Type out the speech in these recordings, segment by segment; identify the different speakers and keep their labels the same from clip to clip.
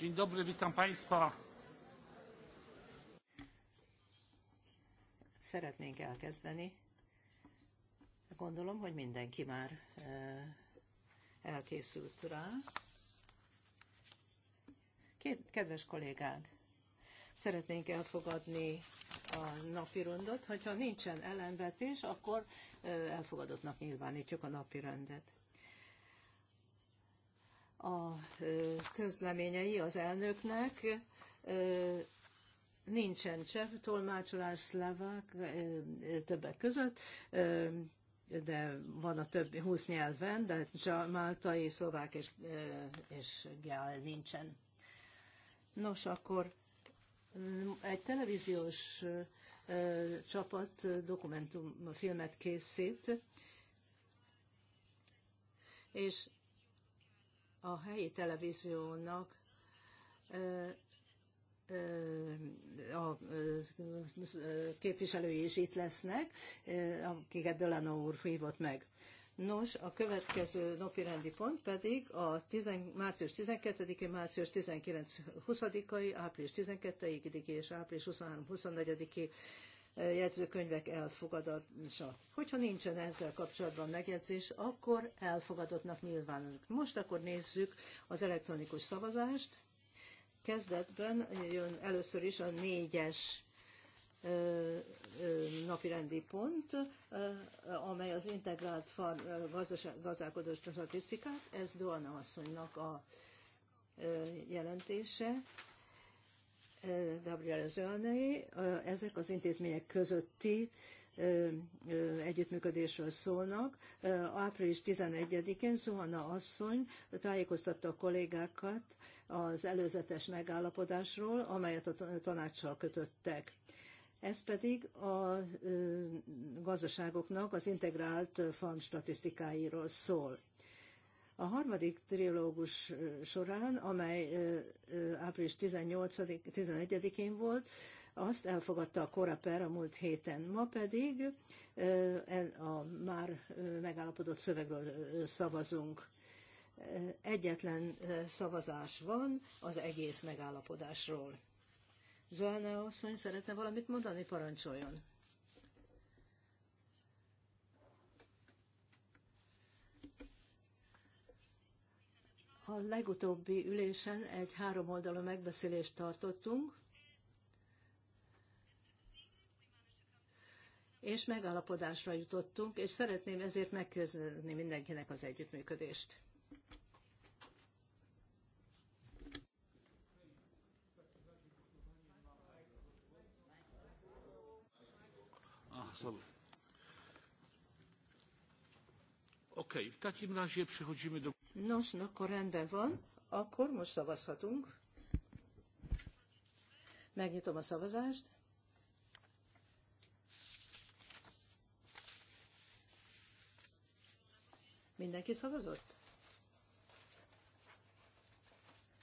Speaker 1: Dzień dobry, witam Państwa.
Speaker 2: Szeretnénk elkezdeni. Gondolom, hogy mindenki már e, elkészült rá. Két, kedves kollégák, szeretnénk elfogadni a napi rendet. Hogyha nincsen ellenvetés, akkor e, elfogadottnak nyilvánítjuk a napi rendet a közleményei az elnöknek. Nincsen cseh tolmácsolás szlovák többek között, de van a többi húsz nyelven, de máltai, szlovák és, és gál nincsen. Nos, akkor egy televíziós csapat dokumentumfilmet készít, és a helyi televíziónak a képviselői is itt lesznek, akiket Delano úr hívott meg. Nos, a következő napi rendi pont pedig a 10, március 12-i, március 19-20-ai, április 12-i és április 23-24-i jegyzőkönyvek elfogadása. Hogyha nincsen ezzel kapcsolatban megjegyzés, akkor elfogadottnak nyilvánulnak. Most akkor nézzük az elektronikus szavazást. Kezdetben jön először is a négyes napirendi pont, amely az integrált far, gazdálkodó statisztikát, ez Doana asszonynak a jelentése. Gabriele Zölnei, ezek az intézmények közötti együttműködésről szólnak. Április 11-én Zuhana asszony tájékoztatta a kollégákat az előzetes megállapodásról, amelyet a tanácssal kötöttek. Ez pedig a gazdaságoknak az integrált farm statisztikáiról szól. A harmadik trilógus során, amely április 18-11-én volt, azt elfogadta a Koraper a múlt héten. Ma pedig a már megállapodott szövegről szavazunk. Egyetlen szavazás van az egész megállapodásról. Zoana asszony szeretne valamit mondani, parancsoljon. A legutóbbi ülésen egy háromoldalú megbeszélést tartottunk, és megállapodásra jutottunk, és szeretném ezért megköszönni mindenkinek az együttműködést.
Speaker 3: Ah, szóval. Oké, okay, w takim razie przechodzimy do... Nos,
Speaker 2: akkor rendben van, akkor most szavazhatunk. Megnyitom a szavazást. Mindenki szavazott?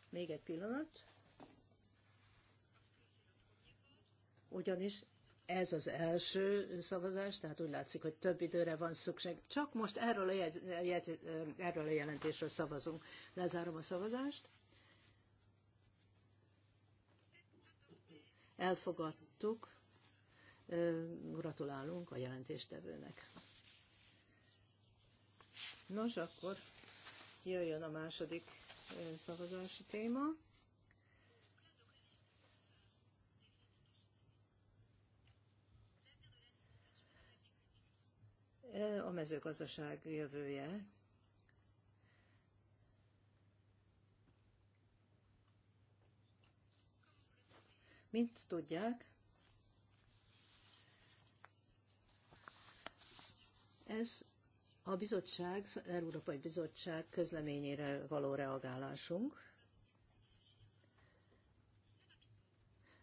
Speaker 2: Még egy pillanat. Ugyanis ez az első szavazás, tehát úgy látszik, hogy több időre van szükség. Csak most erről a, jegy, jegy, erről a jelentésről szavazunk. Lezárom a szavazást. Elfogadtuk. Gratulálunk a jelentéstevőnek. Nos, akkor jöjjön a második szavazási téma. a mezőgazdaság jövője. Mint tudják, ez a bizottság, az Európai Bizottság közleményére való reagálásunk.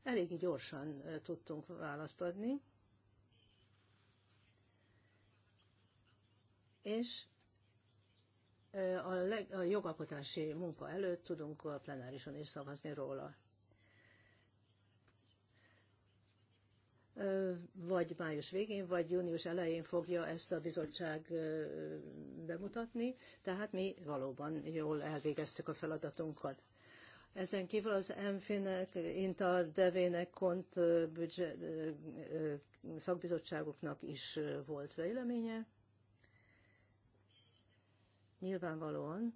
Speaker 2: Eléggé gyorsan tudtunk választ adni. és a, leg, a jogalkotási munka előtt tudunk a plenárison is szavazni róla. Vagy május végén, vagy június elején fogja ezt a bizottság bemutatni, tehát mi valóban jól elvégeztük a feladatunkat. Ezen kívül az MFIN-nek, INTA, DEVÉ-nek, KONT büdzse, szakbizottságoknak is volt véleménye, Nyilvánvalóan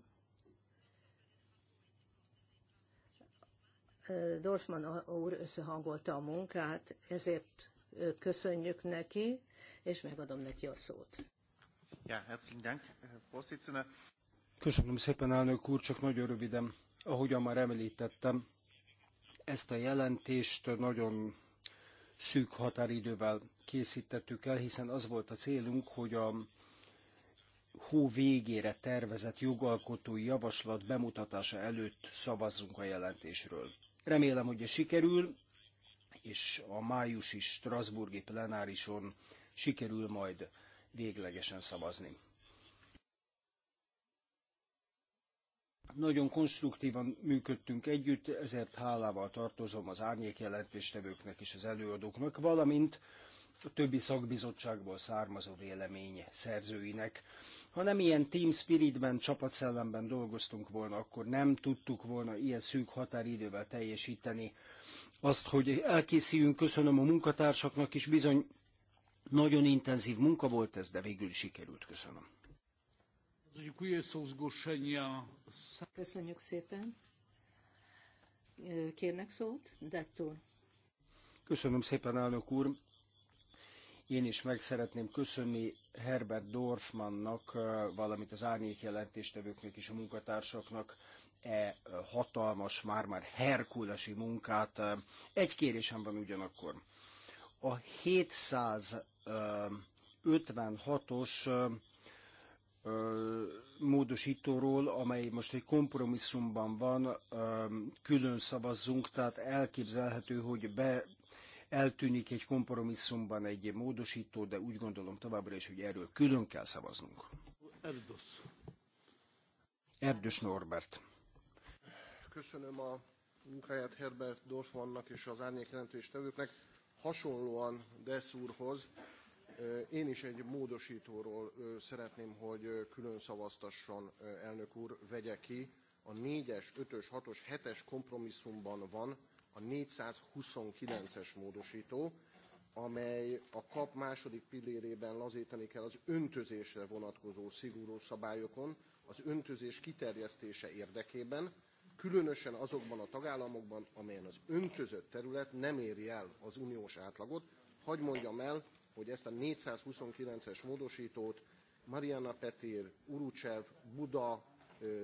Speaker 2: Dorfman úr összehangolta a munkát, ezért köszönjük neki, és megadom neki
Speaker 3: a szót. Ja, herzlichen Dank, Vorsitzender.
Speaker 1: Köszönöm szépen, elnök úr, csak nagyon röviden. Ahogyan már említettem, ezt a jelentést nagyon szűk határidővel készítettük el, hiszen az volt a célunk, hogy a hó végére tervezett jogalkotói javaslat bemutatása előtt szavazzunk a jelentésről. Remélem, hogy sikerül, és a májusi Strasburgi plenárison sikerül majd véglegesen szavazni. Nagyon konstruktívan működtünk együtt, ezért hálával tartozom az árnyék jelentéstevőknek és az előadóknak, valamint a többi szakbizottságból származó vélemény szerzőinek. Ha nem ilyen team spiritben, csapatszellemben dolgoztunk volna, akkor nem tudtuk volna ilyen szűk határidővel teljesíteni azt, hogy elkészüljünk. Köszönöm a munkatársaknak is, bizony nagyon intenzív munka volt ez, de végül sikerült. Köszönöm.
Speaker 2: Köszönjük szépen. Kérnek szót? Dettól.
Speaker 1: Köszönöm szépen, elnök úr. Én is meg szeretném köszönni Herbert Dorfmannnak, valamint az árnyék jelentéstevőknek és a munkatársaknak e hatalmas, már-már herkulesi munkát. Egy kérésem van ugyanakkor. A 756-os módosítóról, amely most egy kompromisszumban van, külön szavazzunk, tehát elképzelhető, hogy be eltűnik egy kompromisszumban egy módosító, de úgy gondolom továbbra is, hogy erről külön kell szavaznunk.
Speaker 3: Erdős.
Speaker 1: Erdős Norbert.
Speaker 3: Köszönöm a munkáját Herbert Dorfmannak és az árnyék jelentéstevőknek. Hasonlóan Desz úrhoz én is egy módosítóról szeretném, hogy külön szavaztasson elnök úr, vegye ki. A 4-es, 5-ös, 6-os, 7-es kompromisszumban van, a 429-es módosító, amely a kap második pillérében lazítani kell az öntözésre vonatkozó szigorú szabályokon, az öntözés kiterjesztése érdekében, különösen azokban a tagállamokban, amelyen az öntözött terület nem éri el az uniós átlagot. Hagy mondjam el, hogy ezt a 429-es módosítót Mariana Petir, Urucsev, Buda,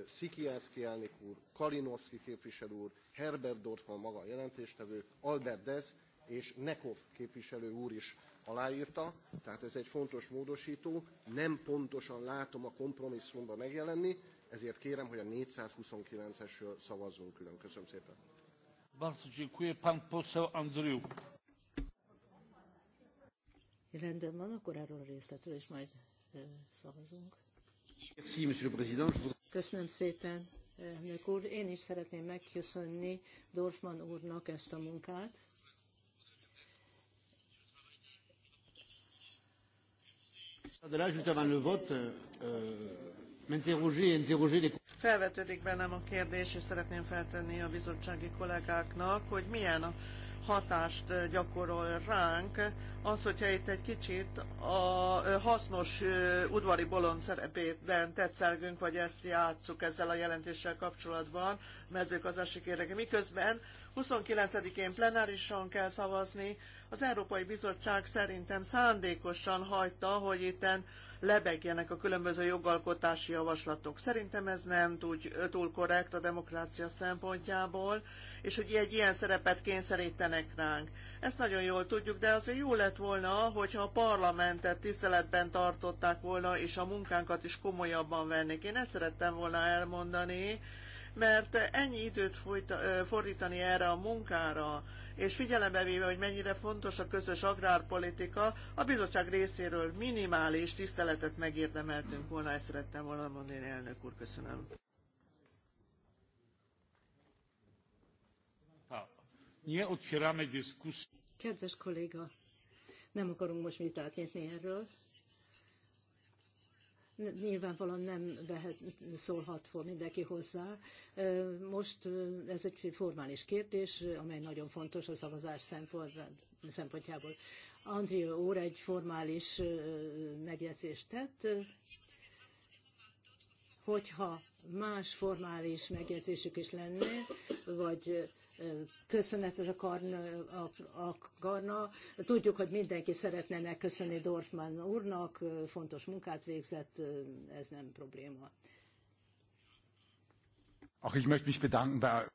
Speaker 3: Szikiászki elnök úr, Kalinowski képviselő úr, Herbert Dorfman maga a jelentéstevő, Albert Dez és Nekov képviselő úr is aláírta, tehát ez egy fontos módosító, nem pontosan látom a kompromisszumban megjelenni, ezért kérem, hogy a 429-esről szavazzunk külön. Köszönöm szépen. Bardzo dziękuję. Pan poseł Andriu.
Speaker 2: Rendben van, akkor erről a részletről is majd szavazunk.
Speaker 3: Merci, monsieur le président.
Speaker 2: Köszönöm szépen, elnök úr. Én is szeretném megköszönni Dorfman úrnak ezt a munkát.
Speaker 3: Euh, euh, Felvetődik
Speaker 4: bennem a kérdés, és szeretném feltenni a bizottsági kollégáknak, hogy milyen a hatást gyakorol ránk, az, hogyha itt egy kicsit a hasznos udvari bolond szerepében tetszelgünk, vagy ezt játsszuk ezzel a jelentéssel kapcsolatban, mezőgazdaság érdeke. Miközben 29-én plenárisan kell szavazni, az Európai Bizottság szerintem szándékosan hagyta, hogy itten lebegjenek a különböző jogalkotási javaslatok. Szerintem ez nem túl, túl korrekt a demokrácia szempontjából, és hogy egy ilyen szerepet kényszerítenek ránk. Ezt nagyon jól tudjuk, de azért jó lett volna, hogyha a parlamentet tiszteletben tartották volna, és a munkánkat is komolyabban vennék. Én ezt szerettem volna elmondani, mert ennyi időt folyta, fordítani erre a munkára, és figyelembe véve, hogy mennyire fontos a közös agrárpolitika, a bizottság részéről minimális tiszteletet megérdemeltünk volna, ezt szerettem volna mondani, elnök úr, köszönöm. Nie
Speaker 1: otwieramy
Speaker 2: Kedves kolléga, nem akarunk most vitát nyitni erről, nyilvánvalóan nem vehet, szólhat mindenki hozzá. Most ez egy formális kérdés, amely nagyon fontos a szavazás szempontjából. Andrea úr egy formális megjegyzést tett, hogyha más formális megjegyzésük is lenne, vagy köszönetet akarna. Tudjuk, hogy mindenki szeretne megköszönni Dorfman úrnak, fontos munkát végzett, ez nem probléma.
Speaker 3: Ach, ich möchte mich bedanken bei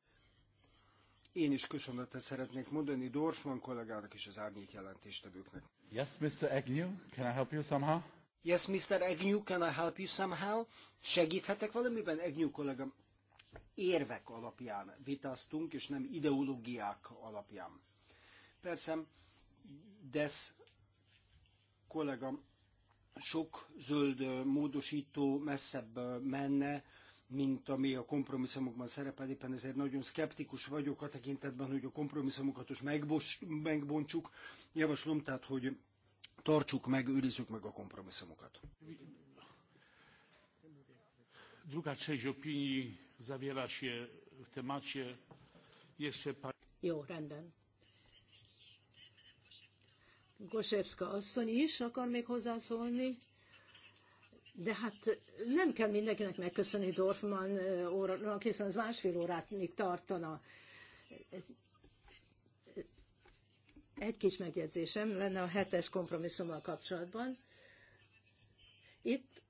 Speaker 1: én is köszönetet szeretnék mondani Dorfman kollégának és az árnyék jelentéstevőknek.
Speaker 3: Yes, Mr. Agnew, can I help you somehow?
Speaker 1: Yes, Mr. Agnew, can I help you somehow? Segíthetek valamiben, Agnew kollégám? érvek alapján vitáztunk, és nem ideológiák alapján. Persze, Desz kollega sok zöld módosító messzebb menne, mint ami a kompromisszumokban szerepel, éppen ezért nagyon szkeptikus vagyok a tekintetben, hogy a kompromisszumokat is megbos, megbontsuk. Javaslom tehát, hogy tartsuk meg, őrizzük meg a kompromisszumokat.
Speaker 3: Druga część opinii
Speaker 1: zawiera się w temacie. Jeszcze pani...
Speaker 2: Jó, rendben. Gosevska asszony is akar még hozzászólni, de hát nem kell mindenkinek megköszönni Dorfman eh, órának, hiszen az másfél órát még tartana. Egy kis megjegyzésem lenne a hetes kompromisszummal kapcsolatban. Itt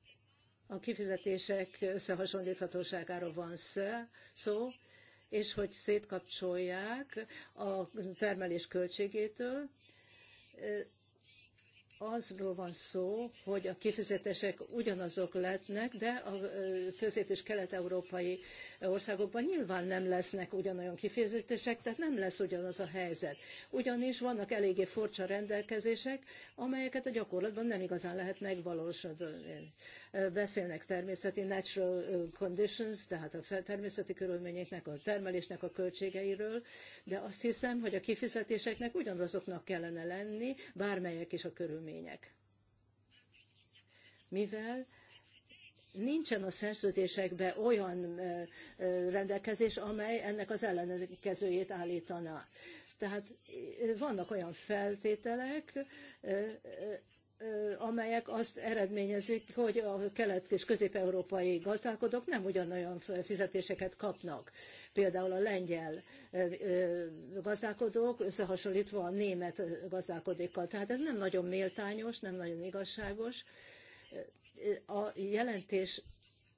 Speaker 2: a kifizetések összehasonlíthatóságáról van szó, és hogy szétkapcsolják a termelés költségétől, azról van szó, hogy a kifizetések ugyanazok lettnek, de a közép- és kelet-európai országokban nyilván nem lesznek ugyanolyan kifizetések, tehát nem lesz ugyanaz a helyzet. Ugyanis vannak eléggé furcsa rendelkezések, amelyeket a gyakorlatban nem igazán lehet megvalósítani. Beszélnek természeti natural conditions, tehát a természeti körülményeknek, a termelésnek a költségeiről, de azt hiszem, hogy a kifizetéseknek ugyanazoknak kellene lenni, bármelyek is a körülmények körülmények. Mivel nincsen a szerződésekben olyan rendelkezés, amely ennek az ellenkezőjét állítaná. Tehát vannak olyan feltételek, amelyek azt eredményezik, hogy a kelet- és közép-európai gazdálkodók nem ugyanolyan fizetéseket kapnak. Például a lengyel gazdálkodók összehasonlítva a német gazdálkodókkal. Tehát ez nem nagyon méltányos, nem nagyon igazságos. A jelentés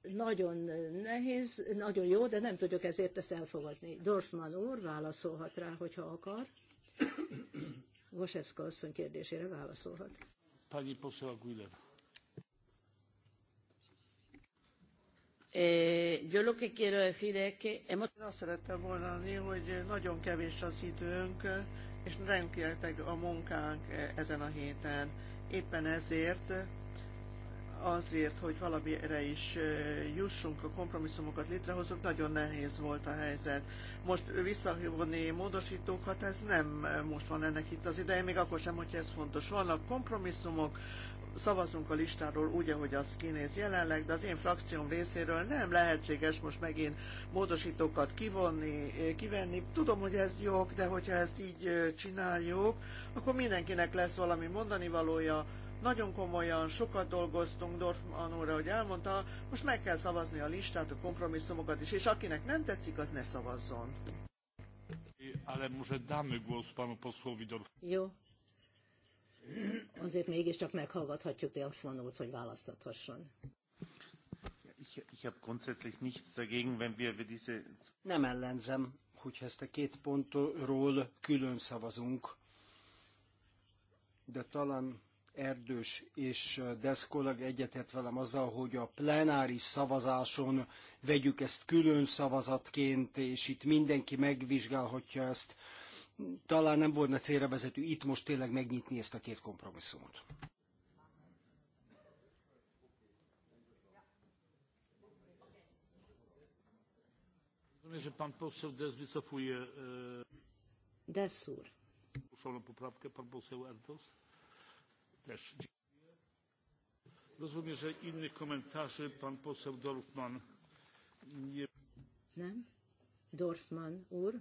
Speaker 2: nagyon nehéz, nagyon jó, de nem tudjuk ezért ezt elfogadni. Dorfman úr válaszolhat rá, hogyha akar. Gosevska asszony kérdésére válaszolhat.
Speaker 1: Pani poseł Aguilera.
Speaker 4: E, szerettem volna hogy nagyon kevés az időnk, és rengeteg a munkánk e, ezen a héten. Éppen ezért azért, hogy valamire is jussunk, a kompromisszumokat létrehozunk, nagyon nehéz volt a helyzet. Most visszahívni módosítókat, ez nem most van ennek itt az ideje, még akkor sem, hogy ez fontos. Vannak kompromisszumok, szavazunk a listáról úgy, ahogy az kinéz jelenleg, de az én frakcióm részéről nem lehetséges most megint módosítókat kivonni, kivenni. Tudom, hogy ez jog, de hogyha ezt így csináljuk, akkor mindenkinek lesz valami mondani valója, nagyon komolyan, sokat dolgoztunk, Dorfman úr, ahogy elmondta, most meg kell szavazni a listát, a kompromisszumokat is, és akinek nem tetszik, az ne szavazzon.
Speaker 2: Jó. Azért mégiscsak meghallgathatjuk Dorfman úrt, hogy választathasson.
Speaker 1: Nem ellenzem, hogyha ezt a két pontról külön szavazunk, de talán Erdős és Desz kollega egyetért velem azzal, hogy a plenáris szavazáson vegyük ezt külön szavazatként, és itt mindenki megvizsgálhatja ezt. Talán nem volna célra vezető itt most tényleg megnyitni ezt a két kompromisszumot. że e, úr też. Rozumiem, że innych komentarzy pan poseł Dorfman nie...
Speaker 2: Nem? Dorfman úr?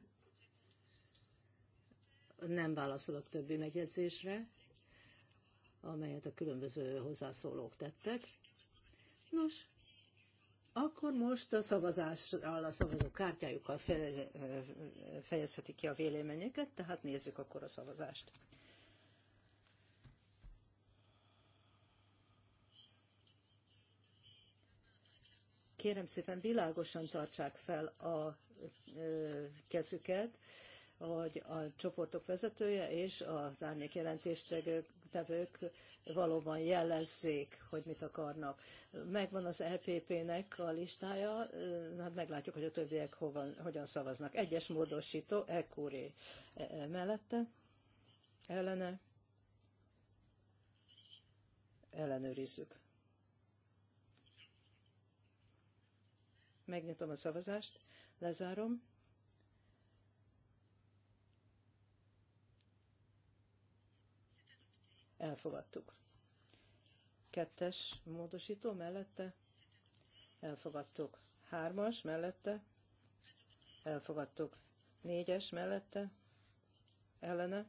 Speaker 2: Nem válaszolok többi megjegyzésre, amelyet a különböző hozzászólók tettek. Nos, akkor most a szavazással, a szavazók kártyájukkal fejezhetik ki a véleményeket, tehát nézzük akkor a szavazást. kérem szépen világosan tartsák fel a kezüket, hogy a csoportok vezetője és az árnyék jelentéstevők valóban jelezzék, hogy mit akarnak. Megvan az EPP-nek a listája, hát meglátjuk, hogy a többiek hova, hogyan szavaznak. Egyes módosító, Ekúré e, e, mellette, ellene, ellenőrizzük. Megnyitom a szavazást, lezárom. Elfogadtuk. Kettes módosító mellette. Elfogadtuk. Hármas mellette. Elfogadtuk. Négyes mellette. Ellene.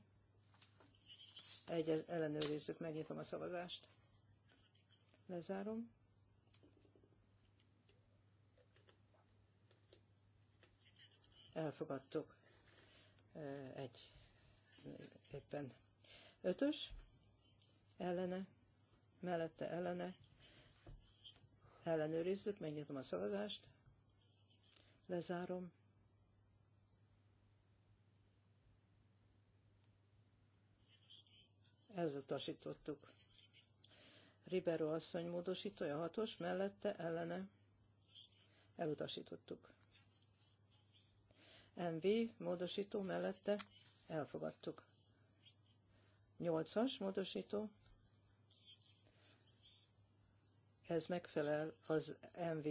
Speaker 2: Egy, ellenőrizzük, megnyitom a szavazást. Lezárom. elfogadtuk egy éppen ötös, ellene, mellette ellene, ellenőrizzük, megnyitom a szavazást, lezárom, elutasítottuk. Ribero asszony módosítója hatos, mellette ellene elutasítottuk. MV módosító mellette elfogadtuk. 8-as módosító. Ez megfelel az MV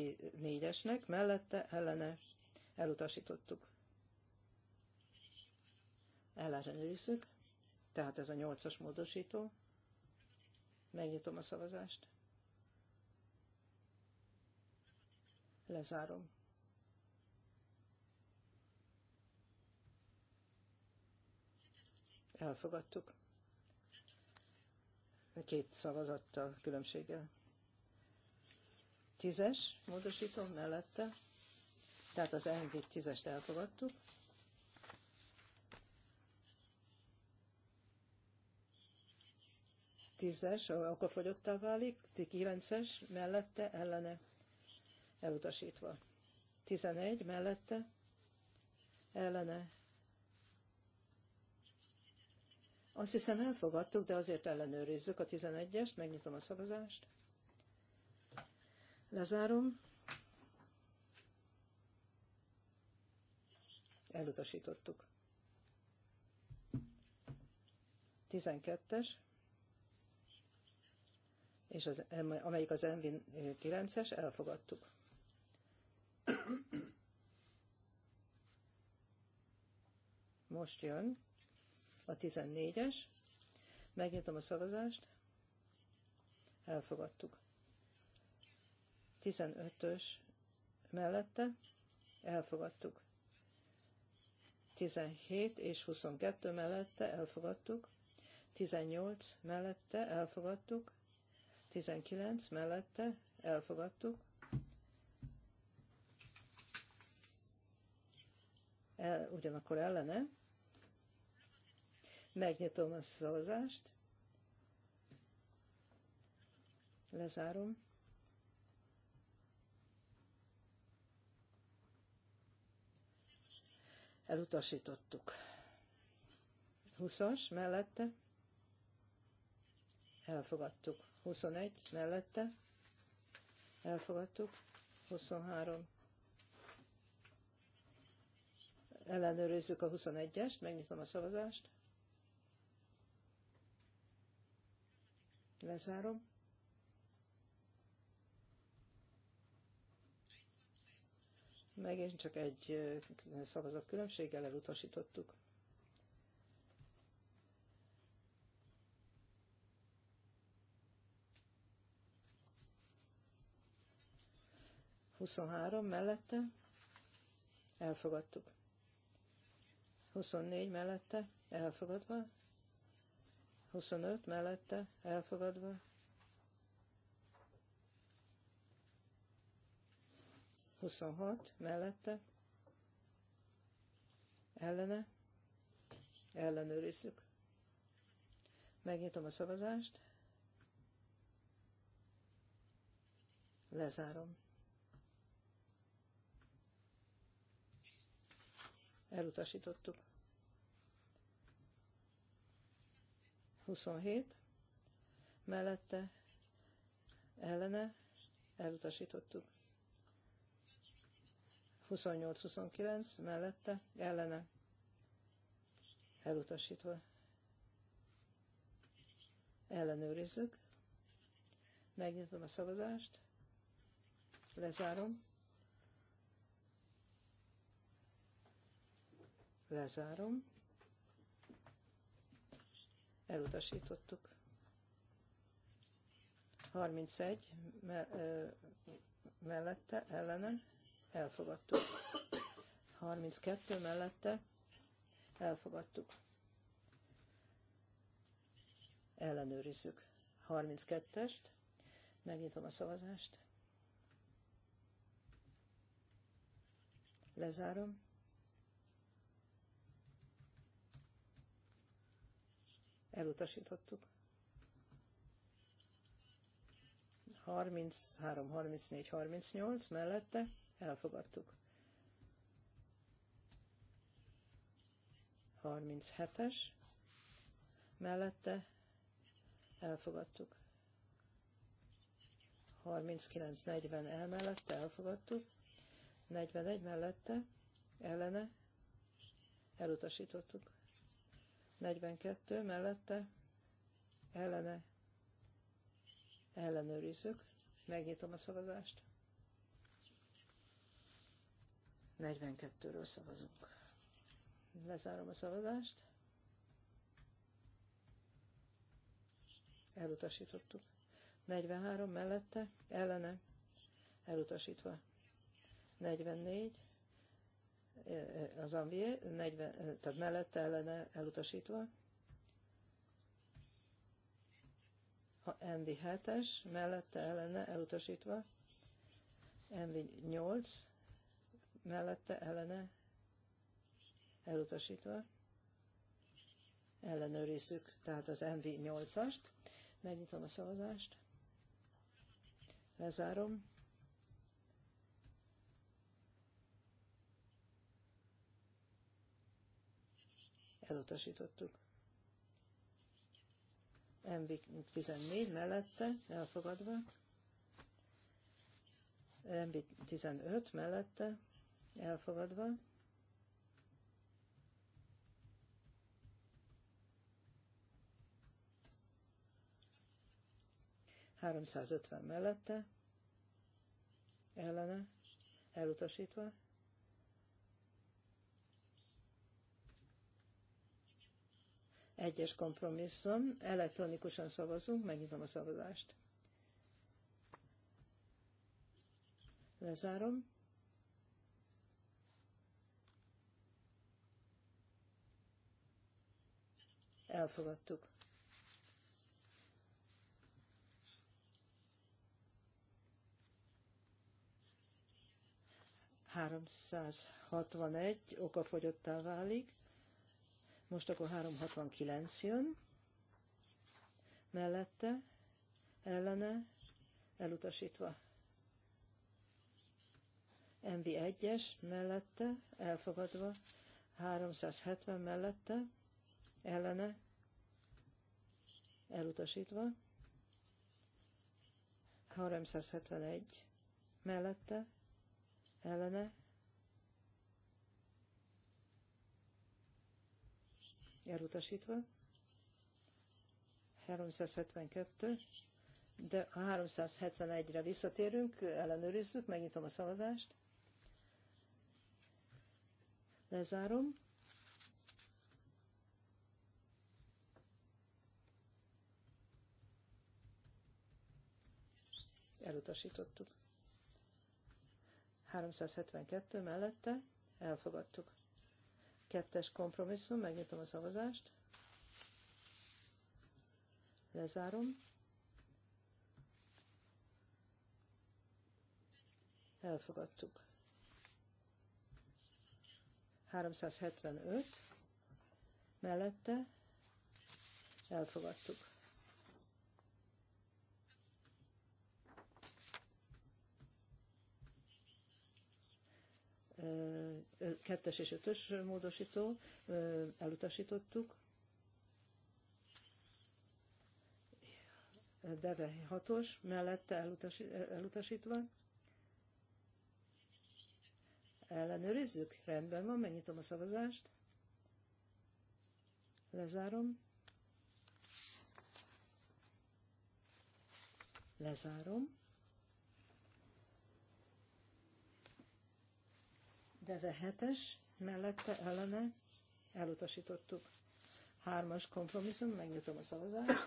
Speaker 2: 4-esnek, mellette ellene elutasítottuk. Ellenőrizzük. Tehát ez a 8-as módosító. Megnyitom a szavazást. Lezárom. elfogadtuk. Két szavazattal különbséggel. Tízes módosítom mellette, tehát az NV tízest elfogadtuk. Tízes, akkor fogyottá válik, kilences mellette, ellene elutasítva. Tizenegy mellette, ellene Azt hiszem elfogadtuk, de azért ellenőrizzük a 11-est, megnyitom a szavazást. Lezárom. Elutasítottuk. 12-es, és az, amelyik az Envin 9-es, eh, elfogadtuk. Most jön a 14-es. Megnyitom a szavazást. Elfogadtuk. 15-ös mellette elfogadtuk. 17 és 22 mellette elfogadtuk. 18 mellette elfogadtuk. 19 mellette elfogadtuk. El, ugyanakkor ellene Megnyitom a szavazást. Lezárom. Elutasítottuk. 20-as mellette. Elfogadtuk. 21 mellette. Elfogadtuk. 23. Ellenőrizzük a 21-est, megnyitom a szavazást. Lezárom. Megint csak egy szavazat különbséggel elutasítottuk. Huszonhárom mellette elfogadtuk. 24 mellette elfogadva, 25 mellette elfogadva. Huszonhat mellette. Ellene. Ellenőrizzük. Megnyitom a szavazást. Lezárom. Elutasítottuk. 27 mellette ellene elutasítottuk. 28-29 mellette ellene elutasítva. Ellenőrizzük. Megnyitom a szavazást. Lezárom. Lezárom elutasítottuk. 31 me- mellette, ellene, elfogadtuk. 32 mellette, elfogadtuk. Ellenőrizzük. 32-est, megnyitom a szavazást. Lezárom. elutasítottuk. 33, 34, 38 mellette elfogadtuk. 37-es mellette elfogadtuk. 39-40 el mellette elfogadtuk. 41 mellette ellene elutasítottuk. 42 mellette ellene ellenőrizzük. Megnyitom a szavazást. 42-ről szavazunk. Lezárom a szavazást. Elutasítottuk. 43 mellette, ellene, elutasítva. 44 E, e, az ami 40, e, tehát mellette ellene elutasítva. A MV7-es mellette ellene elutasítva. MV8 mellette ellene elutasítva. Ellenőrizzük tehát az MV8-ast. Megnyitom a szavazást. Lezárom. elutasítottuk. mv 14 mellette elfogadva, mv 15 mellette elfogadva, háromszázötven mellette, ellene, elutasítva, Egyes kompromisszum. Elektronikusan szavazunk, megnyitom a szavazást. Lezárom. Elfogadtuk. Háromszázhatvanegy okafogyottá válik. Most akkor 369 jön. Mellette, ellene, elutasítva. MV1-es mellette, elfogadva, 370 mellette, ellene, elutasítva, 371 mellette, ellene, elutasítva. 372, de a 371-re visszatérünk, ellenőrizzük, megnyitom a szavazást. Lezárom. Elutasítottuk. 372 mellette elfogadtuk. Kettes kompromisszum, megnyitom a szavazást. Lezárom. Elfogadtuk. 375 mellette elfogadtuk. kettes és ötös módosító, elutasítottuk. Deve hatos, mellette elutasítva. elutasítva. Ellenőrizzük? Rendben van, megnyitom a szavazást. Lezárom. Lezárom. Deve 7 mellette ellene elutasítottuk. Hármas kompromisszum, megnyitom a szavazást.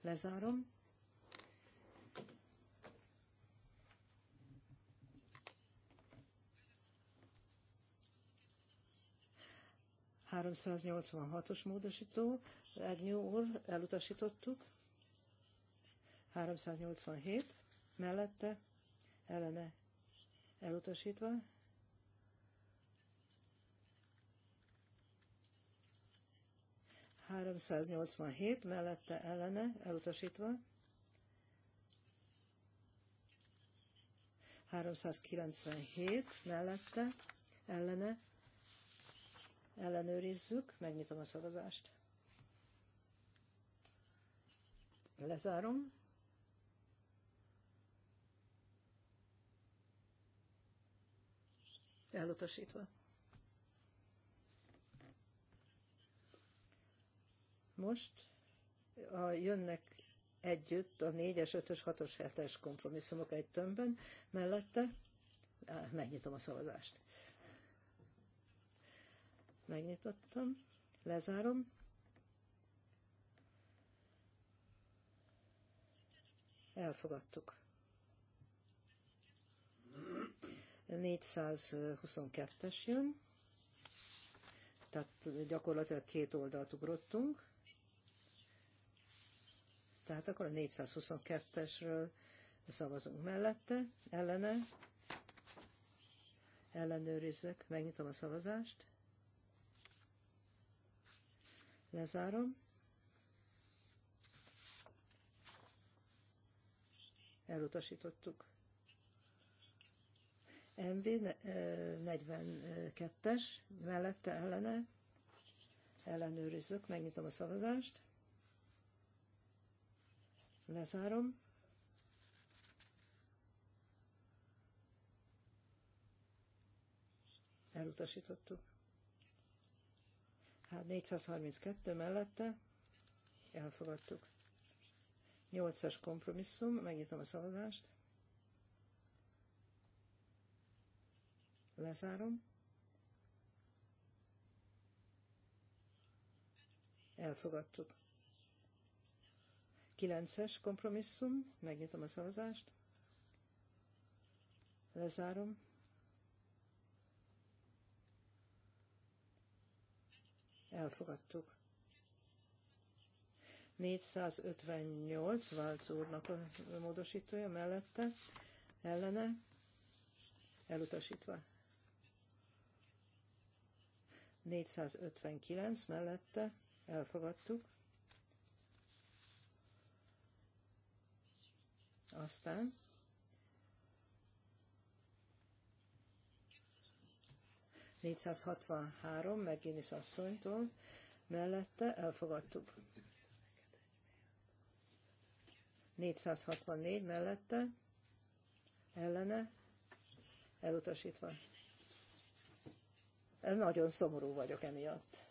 Speaker 2: Lezárom. ...386-os módosító, Egnyó úr, elutasítottuk. 387, mellette ellene elutasítva. 387 mellette ellene elutasítva. 397 mellette ellene ellenőrizzük, megnyitom a szavazást. Lezárom. elutasítva. Most a, jönnek együtt a 4-es, 5-ös, 6-os, 7-es kompromisszumok egy tömbben, mellette megnyitom a szavazást. Megnyitottam, lezárom. Elfogadtuk. 422-es jön, tehát gyakorlatilag két oldalt ugrottunk. Tehát akkor a 422-esről szavazunk mellette, ellene, ellenőrizzek, megnyitom a szavazást, lezárom, elutasítottuk. MV 42-es mellette ellene ellenőrizzük, megnyitom a szavazást, lezárom, elutasítottuk. Hát 432 mellette elfogadtuk. 8-as kompromisszum, megnyitom a szavazást. Lezárom. Elfogadtuk. 9-es kompromisszum. Megnyitom a szavazást. Lezárom. Elfogadtuk. 458 Válc úrnak a módosítója mellette, ellene, elutasítva. 459 mellette elfogadtuk. Aztán ...463 McGinnis asszonytól, mellette elfogadtuk. 464 mellette, ellene, elutasítva. Nagyon szomorú vagyok emiatt.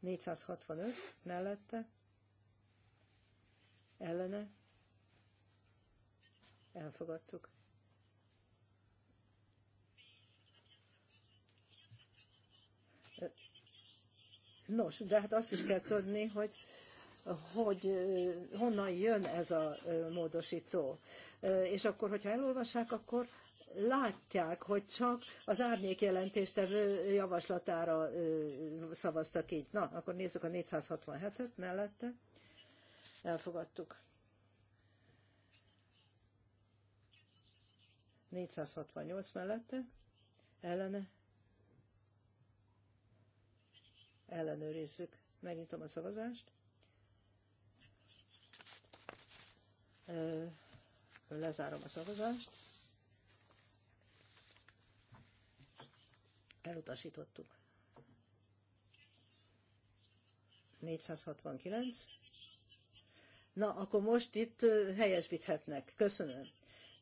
Speaker 2: Négyszázhatvanöt mellette, ellene, elfogadtuk. Nos, de hát azt is kell tudni, hogy hogy honnan jön ez a módosító. És akkor, hogyha elolvassák, akkor látják, hogy csak az árnyék jelentéstevő javaslatára szavaztak így. Na, akkor nézzük a 467-et mellette. Elfogadtuk. 468 mellette, ellene, ellenőrizzük. Megnyitom a szavazást. Lezárom a szavazást. Elutasítottuk. 469. Na, akkor most itt helyesbíthetnek. Köszönöm.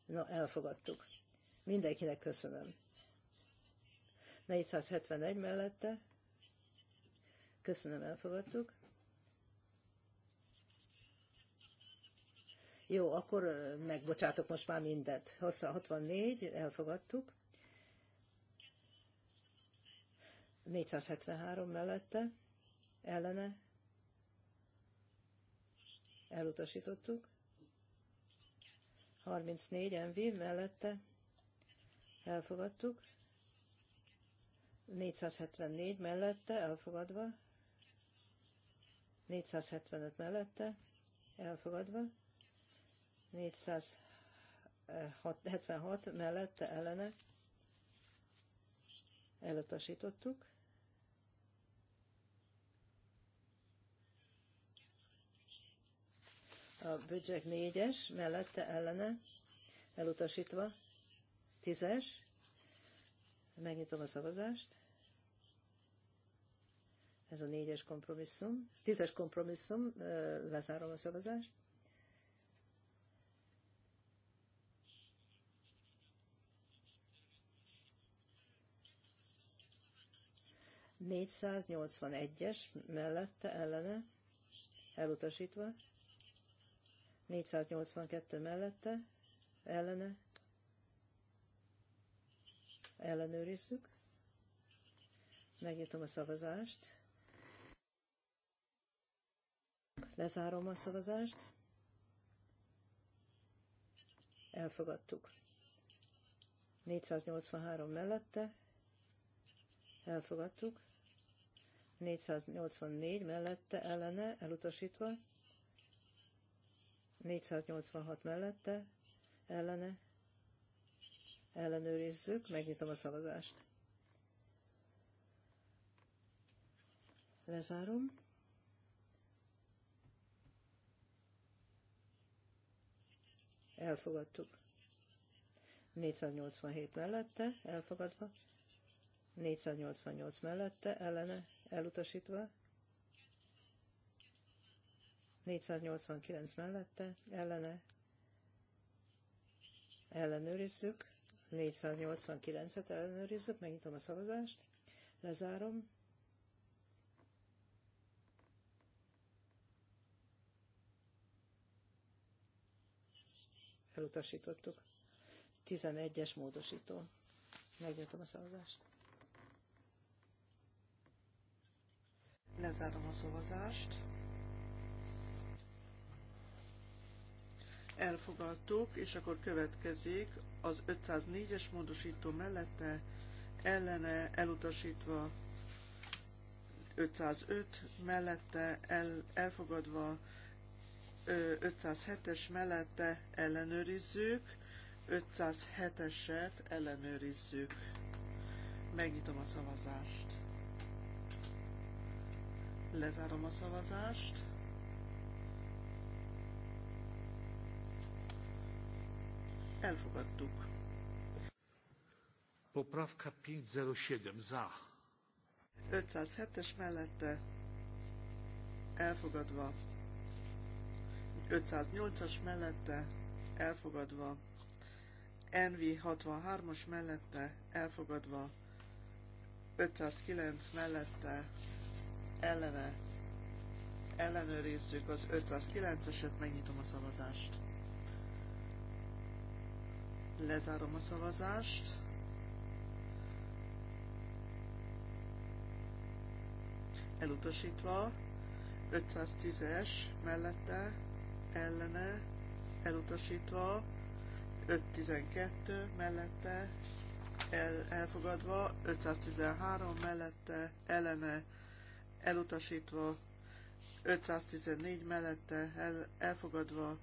Speaker 2: Na, elfogadtuk. Mindenkinek köszönöm. 471 mellette. Köszönöm, elfogadtuk. Jó, akkor megbocsátok most már mindent. Hossza 64, elfogadtuk. 473 mellette, ellene, elutasítottuk. 34 MV mellette, elfogadtuk. 474 mellette, elfogadva. 475 mellette, elfogadva. 476 mellette ellene elutasítottuk. a büdzsek 4-es mellette ellene elutasítva 10-es. Megnyitom a szavazást. Ez a négyes kompromisszum. Tízes kompromisszum, lezárom a szavazást. 481-es mellette ellene elutasítva, 482 mellette ellene ellenőrizzük, megnyitom a szavazást, lezárom a szavazást, elfogadtuk. 483 mellette elfogadtuk, 484 mellette ellene elutasítva, 486 mellette ellene ellenőrizzük, megnyitom a szavazást. Lezárom. Elfogadtuk. 487 mellette, elfogadva. 488 mellette, ellene, elutasítva, 489 mellette, ellene, ellenőrizzük, 489-et ellenőrizzük, megnyitom a szavazást, lezárom, elutasítottuk. 11-es módosító. Megnyitom a szavazást.
Speaker 4: Lezárom a szavazást. Elfogadtuk, és akkor következik az 504-es módosító mellette ellene elutasítva 505 mellette el, elfogadva 507-es mellette ellenőrizzük, 507-eset ellenőrizzük. Megnyitom a szavazást. Lezárom a szavazást. Elfogadtuk. Poprawka 507 za. 507-es mellette elfogadva. 508-as mellette elfogadva. NV 63-as mellette elfogadva. 509 mellette ellene. Ellenőrizzük az 509-eset, megnyitom a szavazást. Lezárom a szavazást. Elutasítva. 510-es mellette, ellene, elutasítva. 512 mellette, el, elfogadva, 513 mellette, ellene, elutasítva, 514 mellette el, elfogadva,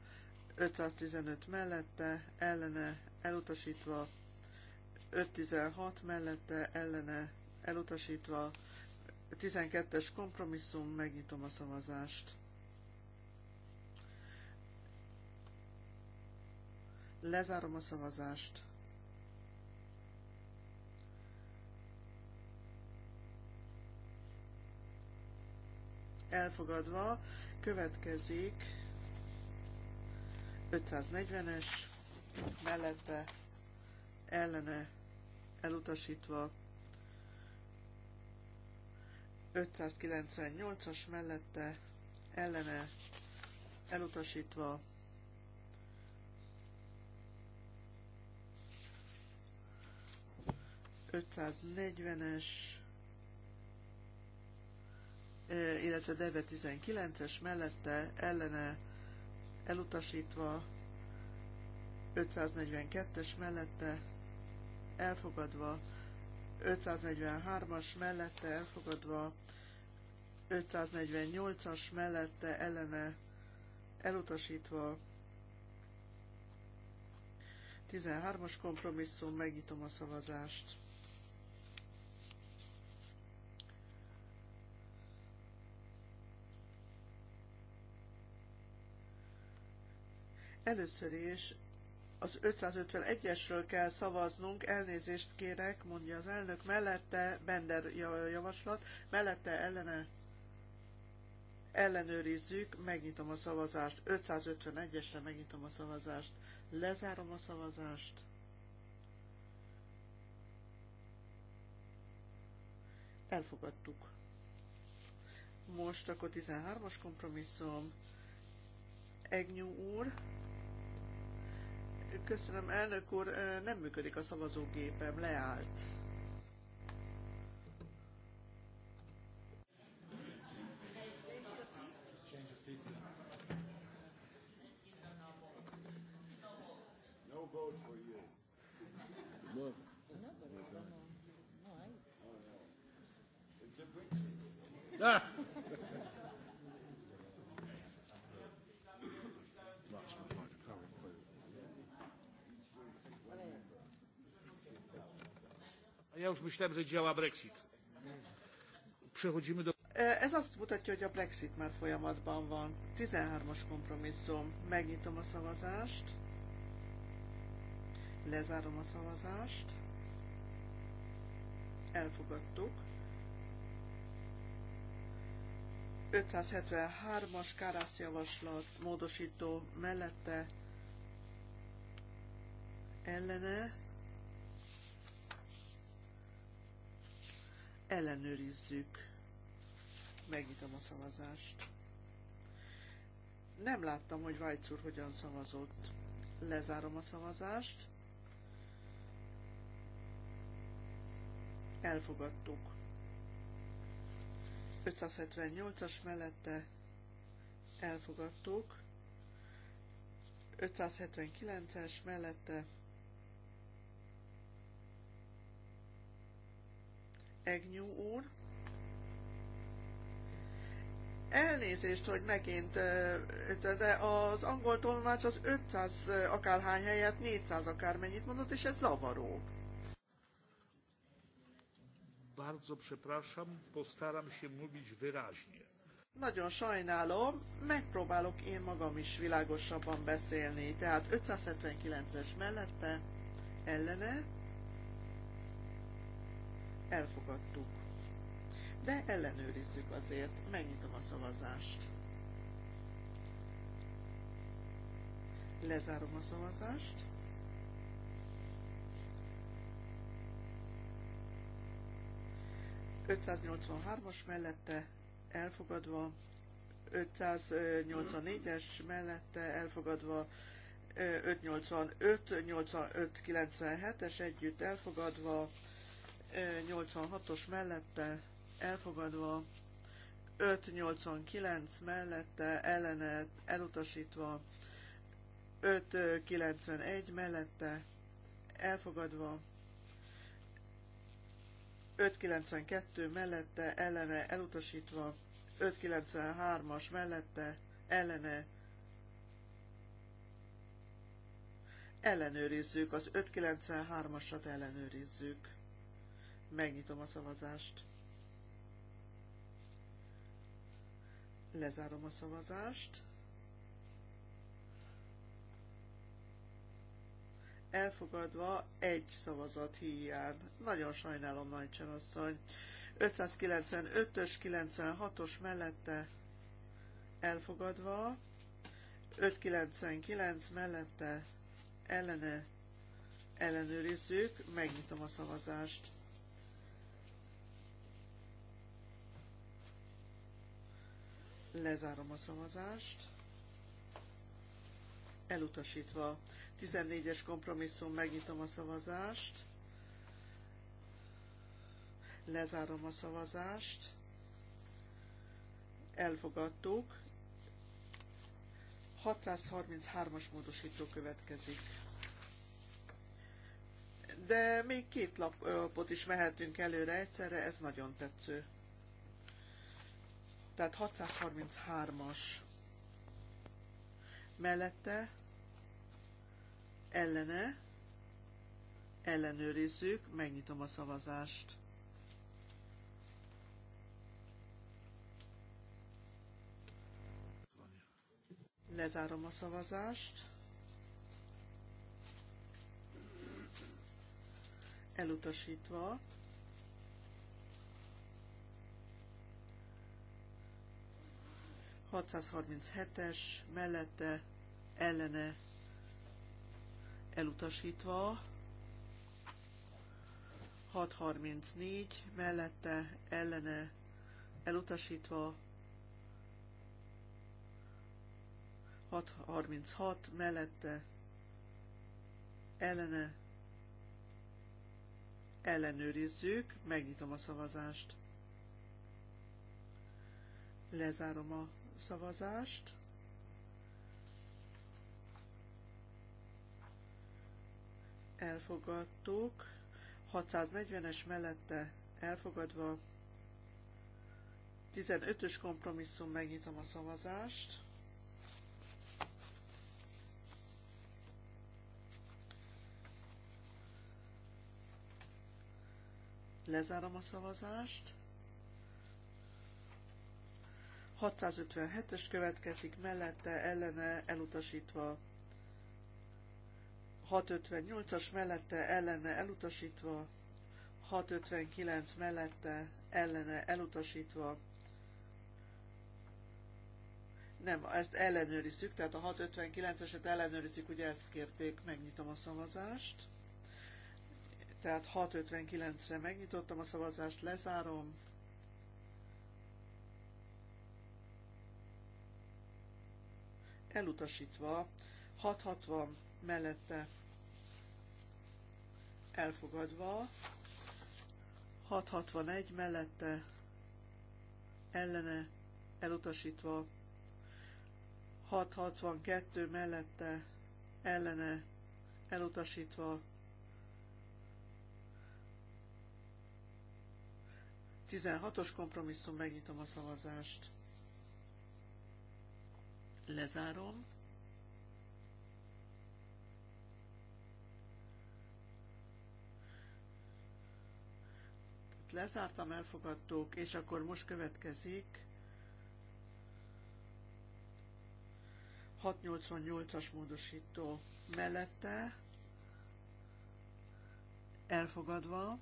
Speaker 4: 515 mellette ellene elutasítva, 516 mellette ellene elutasítva, 12-es kompromisszum, megnyitom a szavazást. Lezárom a szavazást. elfogadva, következik 540-es, mellette, ellene, elutasítva, 598-as mellette, ellene, elutasítva, 540-es E, illetve Deve 19-es mellette ellene elutasítva, 542-es mellette elfogadva, 543-as mellette elfogadva, 548-as mellette ellene elutasítva, 13-as kompromisszum, megnyitom a szavazást. Először is az 551-esről kell szavaznunk, elnézést kérek, mondja az elnök, mellette Bender javaslat, mellette ellene ellenőrizzük, megnyitom a szavazást, 551-esre megnyitom a szavazást, lezárom a szavazást, elfogadtuk. Most akkor 13-as kompromisszum, Egnyú úr, Köszönöm, elnök úr, nem működik a szavazógépem, leállt.
Speaker 3: No vote for you. No. No, no, no. No, no. It's a Ah!
Speaker 4: Ja już myślałem, że działa Brexit. Przechodzimy do... E, ez azt mutatja, hogy a Brexit már folyamatban van. 13-as kompromisszum. Megnyitom a szavazást. Lezárom a szavazást. Elfogadtuk. 573-as Kárász javaslat módosító mellette ellene ellenőrizzük. Megnyitom a szavazást. Nem láttam, hogy Vájc úr hogyan szavazott. Lezárom a szavazást. Elfogadtuk. 578-as mellette elfogadtuk. 579-es mellette Egnyú úr. Elnézést, hogy megint, de az angol tolmács az 500 akárhány helyet 400 akármennyit mondott, és ez zavaró. Bardzo przepraszam, postaram się mówić wyraźnie. Nagyon sajnálom, megpróbálok én magam is világosabban beszélni. Tehát 579-es mellette, ellene, elfogadtuk. De ellenőrizzük azért, megnyitom a szavazást. Lezárom a szavazást. ...583-as mellette elfogadva, 584-es mellette elfogadva, 585, 85, 97-es együtt elfogadva, 86-os e mellette elfogadva, 589 mellette ellene elutasítva, 591 mellette elfogadva, 592 mellette ellene elutasítva, 593-as mellette ellene ellenőrizzük, az 593-asat ellenőrizzük. Megnyitom a szavazást. Lezárom a szavazást. Elfogadva egy szavazat híján. Nagyon sajnálom, nagy Csanasszony. 595-ös, 96-os mellette elfogadva. 599 mellette ellene ellenőrizzük, megnyitom a szavazást. Lezárom a szavazást. Elutasítva. 14-es kompromisszum, megnyitom a szavazást. Lezárom a szavazást. Elfogadtuk. 633-as módosító következik. De még két lapot is mehetünk előre egyszerre, ez nagyon tetsző. Tehát 633-as mellette ellene ellenőrizzük, megnyitom a szavazást. Lezárom a szavazást. Elutasítva. 637-es mellette ellene elutasítva, 634 mellette ellene elutasítva, 636 mellette ellene ellenőrizzük, megnyitom a szavazást. Lezárom a szavazást. Elfogadtuk. 640-es mellette elfogadva. 15-ös kompromisszum, megnyitom a szavazást. Lezárom a szavazást. 657-es következik, mellette ellene elutasítva. 658-as mellette ellene elutasítva. 659 mellette ellene elutasítva. Nem, ezt ellenőrizzük, tehát a 659-eset ellenőrizzük, ugye ezt kérték, megnyitom a szavazást. Tehát 659-re megnyitottam a szavazást, lezárom. elutasítva, 660 mellette elfogadva, 661 mellette ellene elutasítva, 662 mellette ellene elutasítva, 16-os kompromisszum, megnyitom a szavazást. Lezárom. Tehát lezártam, elfogadtuk, és akkor most következik 688-as módosító mellette elfogadva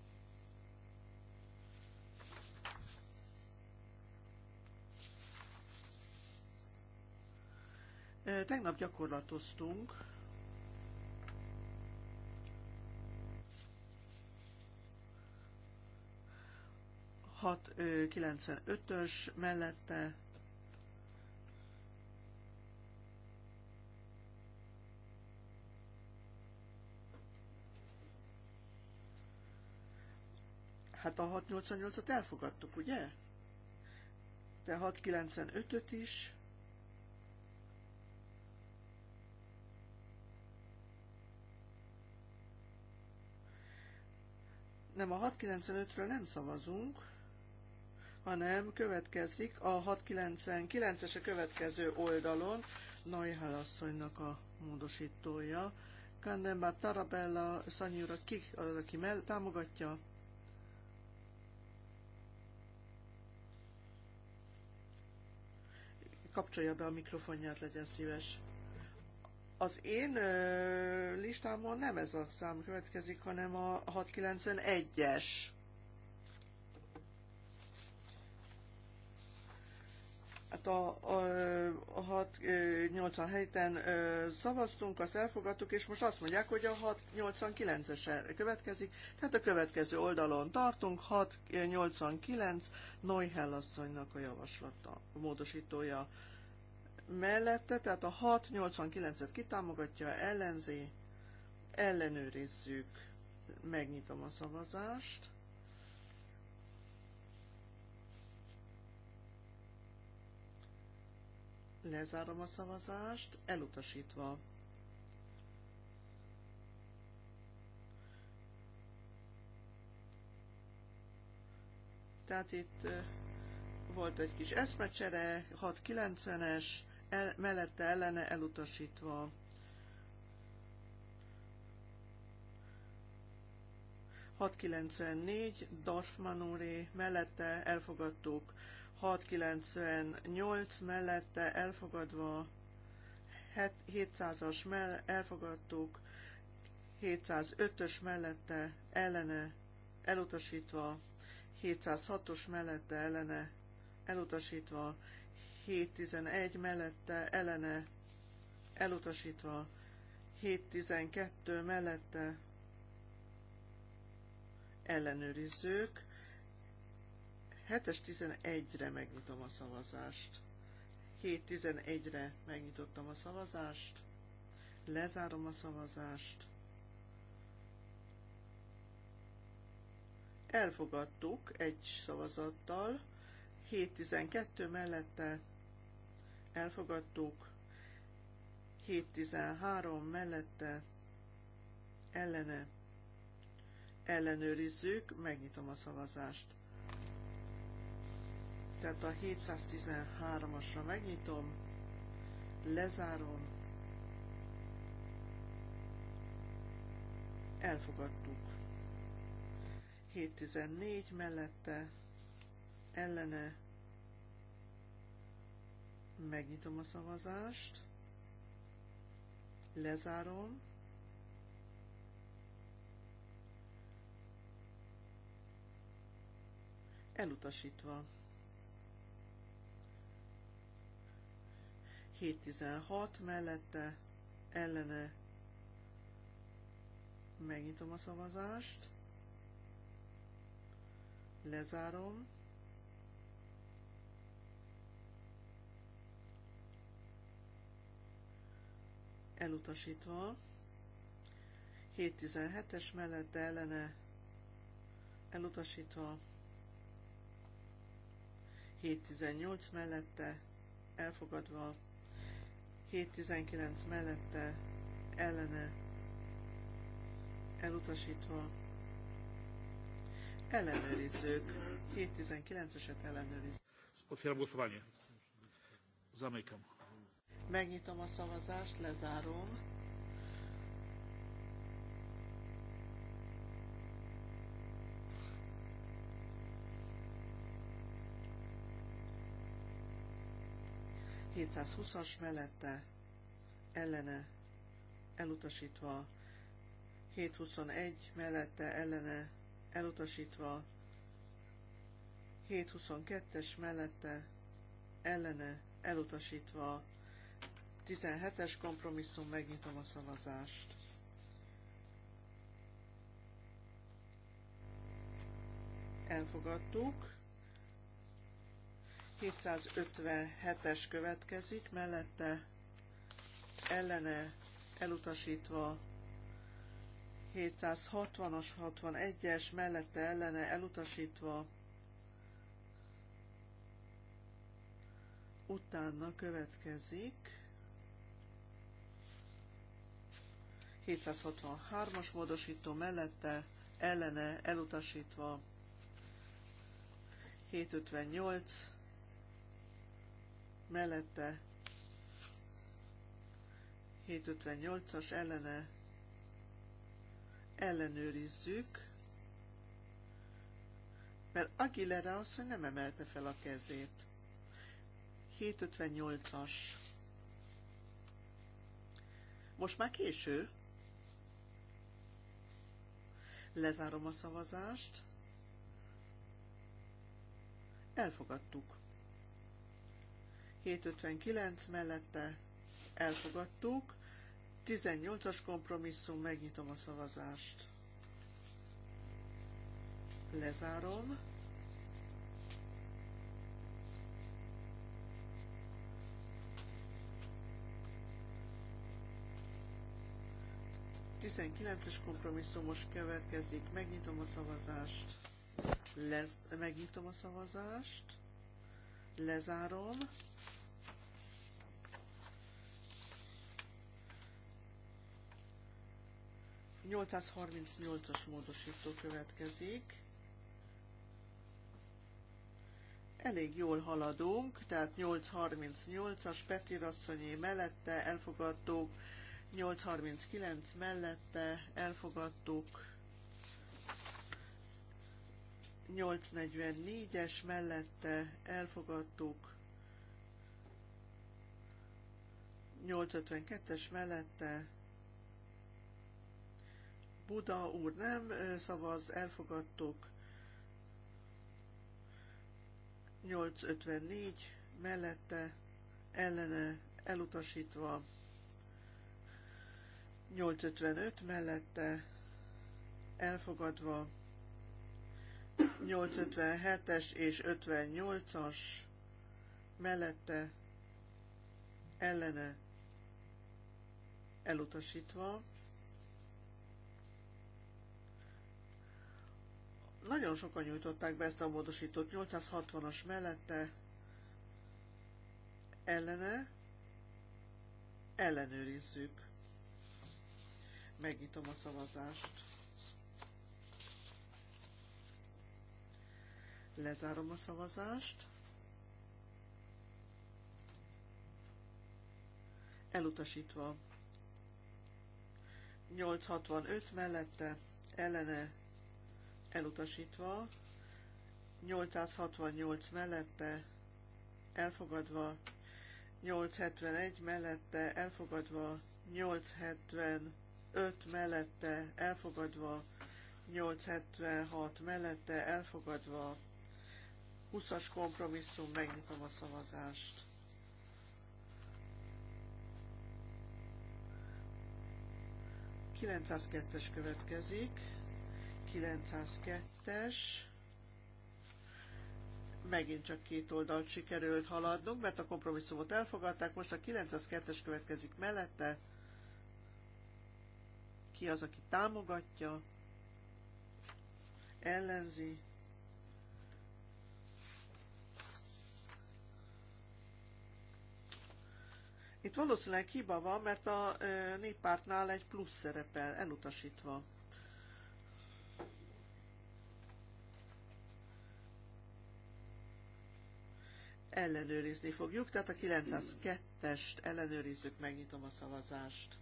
Speaker 4: Tegnap gyakorlatoztunk, hat ös mellette Hát a 688-at elfogadtuk, ugye? De 695-öt is. nem a 695-ről nem szavazunk, hanem következik a 699-es a következő oldalon Neuhal asszonynak a módosítója. Kandembar Tarabella Szanyúra ki az, aki mell támogatja? Kapcsolja be a mikrofonját, legyen szíves. Az én listámon nem ez a szám következik, hanem a 691-es. Hát a, a, a 680 helyten szavaztunk, azt elfogadtuk, és most azt mondják, hogy a 689-es következik, tehát a következő oldalon tartunk, 689 Neuhell asszonynak a javaslata, a módosítója mellette, tehát a 689-et kitámogatja, ellenzi, ellenőrizzük, megnyitom a szavazást. Lezárom a szavazást, elutasítva. Tehát itt eh, volt egy kis eszmecsere, 690-es, el, mellette ellene elutasítva. ...694, Dorfman mellette elfogadtuk, 698 mellette elfogadva, 700-as mell elfogadtuk, 705-ös mellette ellene elutasítva, 706-os mellette ellene elutasítva, 7.11 mellette Elene elutasítva, 7.12 mellette ellenőrizzük, 7.11-re megnyitom a szavazást. 7.11-re megnyitottam a szavazást, lezárom a szavazást, elfogadtuk egy szavazattal, 7.12 mellette elfogadtuk, 7.13 mellette ellene ellenőrizzük, megnyitom a szavazást. Tehát a 713-asra megnyitom, lezárom, elfogadtuk. 714 mellette ellene Megnyitom a szavazást. Lezárom. Elutasítva. 716 mellette, ellene. Megnyitom a szavazást. Lezárom. elutasítva, 717-es mellett, de ellene elutasítva, 718 mellette elfogadva, 719 mellette ellene elutasítva, ellenőrizzük, 719-eset ellenőrizzük.
Speaker 3: Otwieram głosowanie.
Speaker 4: Zamykam. Megnyitom a szavazást, lezárom. as mellette ellene elutasítva, 721 mellette ellene elutasítva, 722-es mellette ellene elutasítva, 17-es kompromisszum, megnyitom a szavazást. Elfogadtuk. 757-es következik, mellette ellene elutasítva 760-as, 61-es, mellette ellene elutasítva, utána következik 763-as módosító mellette ellene elutasítva 758 mellette 758-as ellene ellenőrizzük, mert Aguilera asszony nem emelte fel a kezét. 758-as. Most már késő. Lezárom a szavazást. Elfogadtuk. 759 mellette elfogadtuk. 18-as kompromisszum, megnyitom a szavazást. Lezárom. 19-es kompromisszumos következik. Megnyitom a szavazást. Lez, megnyitom a szavazást. Lezárom. ...838-as módosító következik. Elég jól haladunk, tehát 838-as Petirasszonyé mellette elfogadtuk 839 mellette elfogadtuk, 844-es mellette elfogadtuk, 852-es mellette Buda úr nem szavaz, elfogadtuk. 854 mellette ellene elutasítva 855 mellette elfogadva, 857-es és 58-as mellette ellene elutasítva. Nagyon sokan nyújtották be ezt a módosítót, 860-as mellette ellene ellenőrizzük. Megnyitom a szavazást. Lezárom a szavazást. Elutasítva. 865 mellette, ellene elutasítva, 868 mellette elfogadva, 871 mellette elfogadva, 870 5 mellette elfogadva, 876 mellette elfogadva, 20-as kompromisszum, megnyitom a szavazást. es következik, 902-es, megint csak két oldalt sikerült haladnunk, mert a kompromisszumot elfogadták, most a 902-es következik mellette, ki az, aki támogatja, ellenzi, Itt valószínűleg hiba van, mert a néppártnál egy plusz szerepel, elutasítva. Ellenőrizni fogjuk, tehát a 902-est ellenőrizzük, megnyitom a szavazást.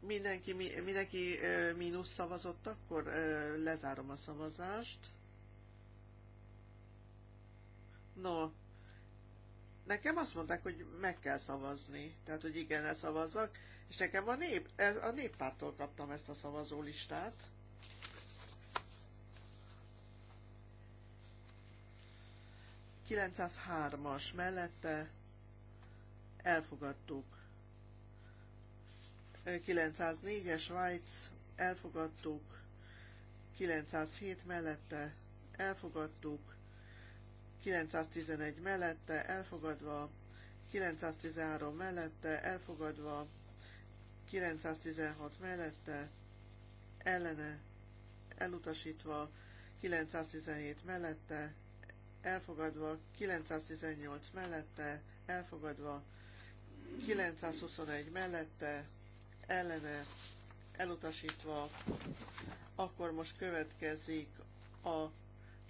Speaker 4: Mindenki, mindenki mínusz szavazott, akkor lezárom a szavazást. No, nekem azt mondták, hogy meg kell szavazni, tehát hogy igen, szavazzak, és nekem a, nép, ez, a néppártól kaptam ezt a szavazólistát. listát. 903-as mellette elfogadtuk. 904-es Svájc, elfogadtuk. 907 mellette, elfogadtuk. 911 mellette, elfogadva. 913 mellette, elfogadva. 916 mellette, ellene, elutasítva. 917 mellette, elfogadva, 918 mellette, elfogadva, 921 mellette, ellene elutasítva, akkor most következik a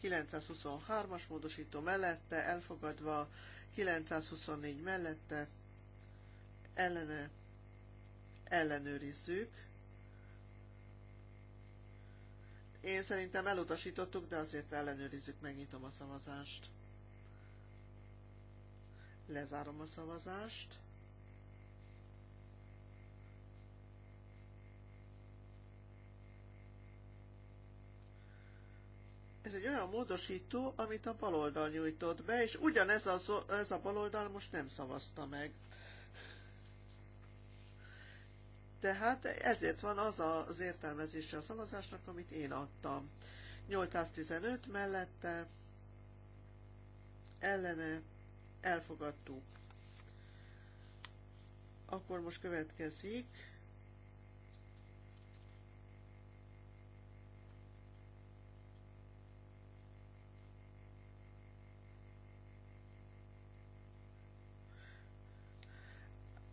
Speaker 4: 923-as módosító mellette, elfogadva 924 mellette, ellene ellenőrizzük. Én szerintem elutasítottuk, de azért ellenőrizzük, megnyitom a szavazást. Lezárom a szavazást. Ez egy olyan módosító, amit a baloldal nyújtott be, és ugyanez a, ez a baloldal most nem szavazta meg. Tehát ezért van az az értelmezése a szavazásnak, amit én adtam. 815 mellette, ellene, elfogadtuk. Akkor most következik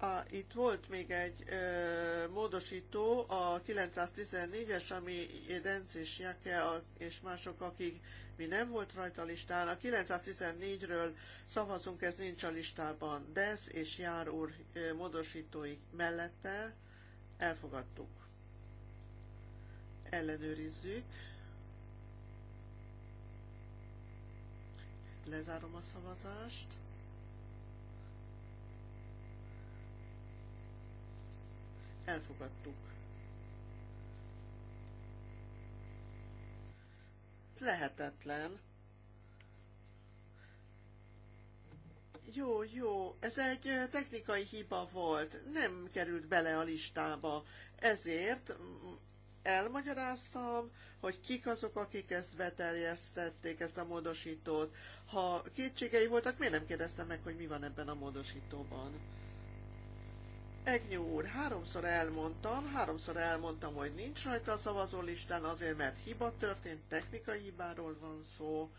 Speaker 4: A, itt volt még egy ö, módosító, a 914-es, ami Denc és Jake a, és mások, akik mi nem volt rajta a listán. A 914-ről szavazunk, ez nincs a listában. Dez és Jár úr ö, módosítói mellette elfogadtuk. Ellenőrizzük. Lezárom a szavazást. elfogadtuk. Lehetetlen. Jó, jó, ez egy technikai hiba volt, nem került bele a listába. Ezért elmagyaráztam, hogy kik azok, akik ezt beterjesztették, ezt a módosítót. Ha kétségei voltak, miért nem kérdeztem meg, hogy mi van ebben a módosítóban? Egnyú úr, háromszor elmondtam, háromszor elmondtam, hogy nincs rajta a szavazólistán, azért mert hiba történt, technikai hibáról van szó.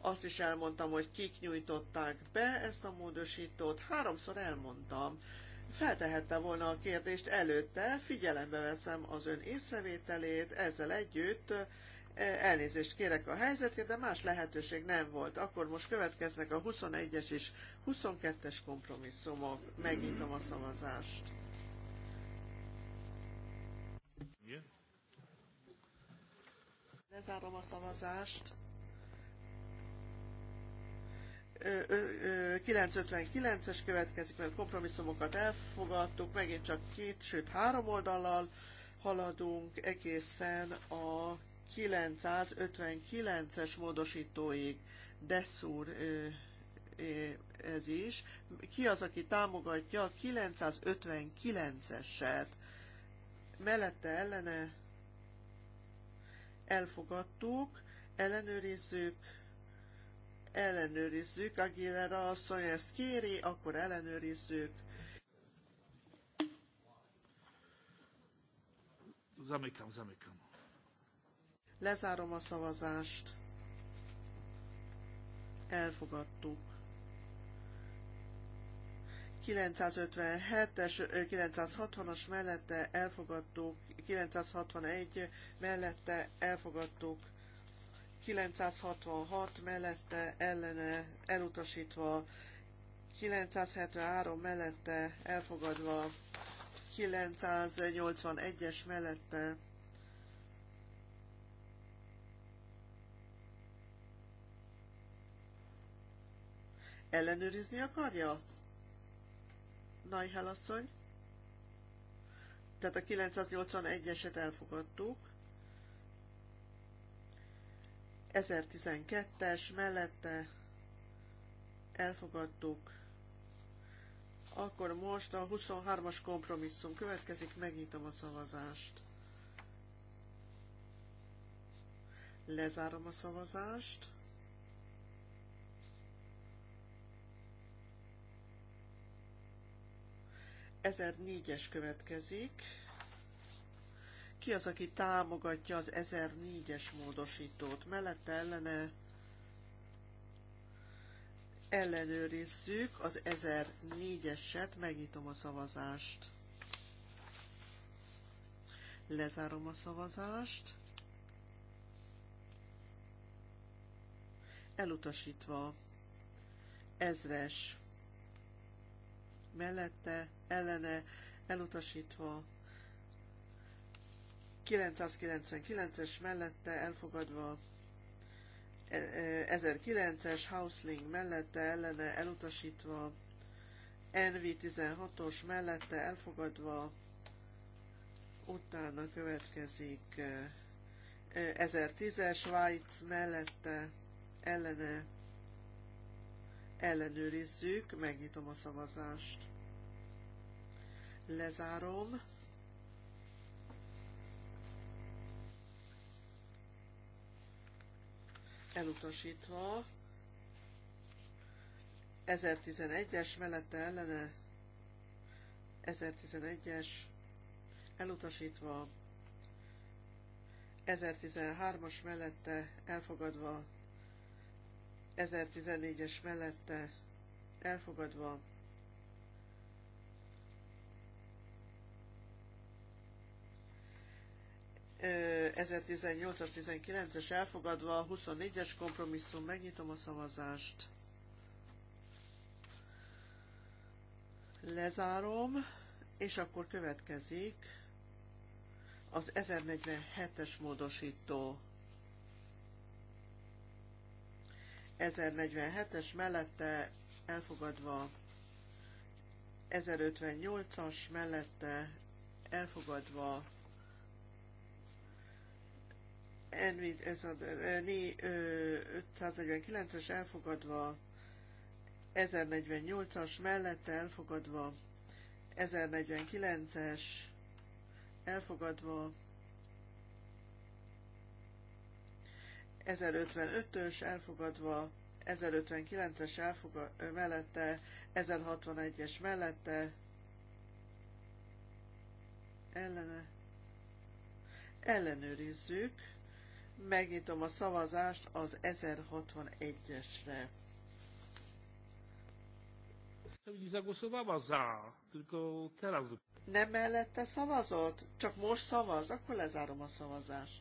Speaker 4: Azt is elmondtam, hogy kik nyújtották be ezt a módosítót, háromszor elmondtam. Feltehette volna a kérdést előtte, figyelembe veszem az ön észrevételét, ezzel együtt E, elnézést kérek a helyzetért, de más lehetőség nem volt. Akkor most következnek a 21-es és 22-es kompromisszumok. Megnyitom a szavazást. Lezárom a szavazást. 959-es következik, mert kompromisszumokat elfogadtuk, megint csak két, sőt három oldallal haladunk egészen a 959-es módosítóig, Dessur ez is. Ki az, aki támogatja a 959-eset? Mellette ellene elfogadtuk, ellenőrizzük, ellenőrizzük, Aguilera asszony ezt kéri, akkor ellenőrizzük.
Speaker 1: Zamykam, zamykam.
Speaker 4: Lezárom a szavazást. Elfogadtuk. 957-es, 960-as mellette elfogadtuk, 961 mellette elfogadtuk, 966 mellette ellene elutasítva, 973 mellette elfogadva, 981-es mellette ellenőrizni akarja? Najhel asszony. Tehát a 981-eset elfogadtuk. 1012-es mellette elfogadtuk. Akkor most a 23-as kompromisszum következik, megnyitom a szavazást. Lezárom a szavazást. 1004-es következik. Ki az, aki támogatja az 1004-es módosítót? Mellette ellene ellenőrizzük az 1004-eset, megnyitom a szavazást. Lezárom a szavazást. Elutasítva. Ezres. Mellette ellene elutasítva. 999-es mellette elfogadva. 1009-es e, e, Hausling mellette ellene elutasítva. NV16-os mellette elfogadva. Utána következik 1010-es e, Svájc mellette ellene ellenőrizzük, megnyitom a szavazást lezárom. Elutasítva. 1011-es mellette ellene. 1011-es elutasítva. 1013-as mellette elfogadva. 1014-es mellette elfogadva. 2018 19 es elfogadva, a 24-es kompromisszum, megnyitom a szavazást. Lezárom, és akkor következik az 1047-es módosító. 1047-es mellette elfogadva 1058-as mellette elfogadva ez a Envid 549-es elfogadva, 1048-as mellette elfogadva, 1049-es elfogadva, 1055-ös elfogadva, 1059-es elfogadva mellette, 1061-es mellette, ellene, ellenőrizzük, Megnyitom a szavazást az 1061-esre. Nem mellette szavazott? Csak most szavaz? Akkor lezárom a szavazást.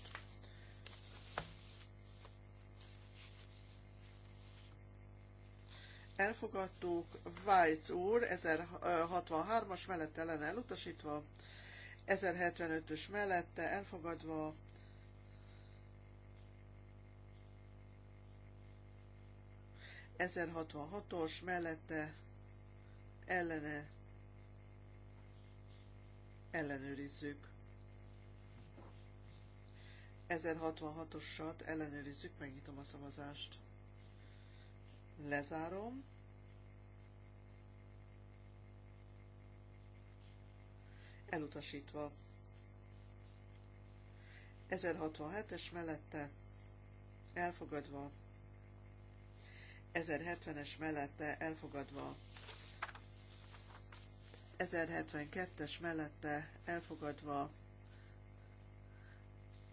Speaker 4: Elfogadtuk Vájc úr, 1063-as mellette ellen elutasítva, 1075-ös mellette elfogadva, 1066-os mellette ellene ellenőrizzük. 1066-osat ellenőrizzük, megnyitom a szavazást. Lezárom. Elutasítva. 1067-es mellette elfogadva 1070-es mellette elfogadva. 1072-es mellette elfogadva.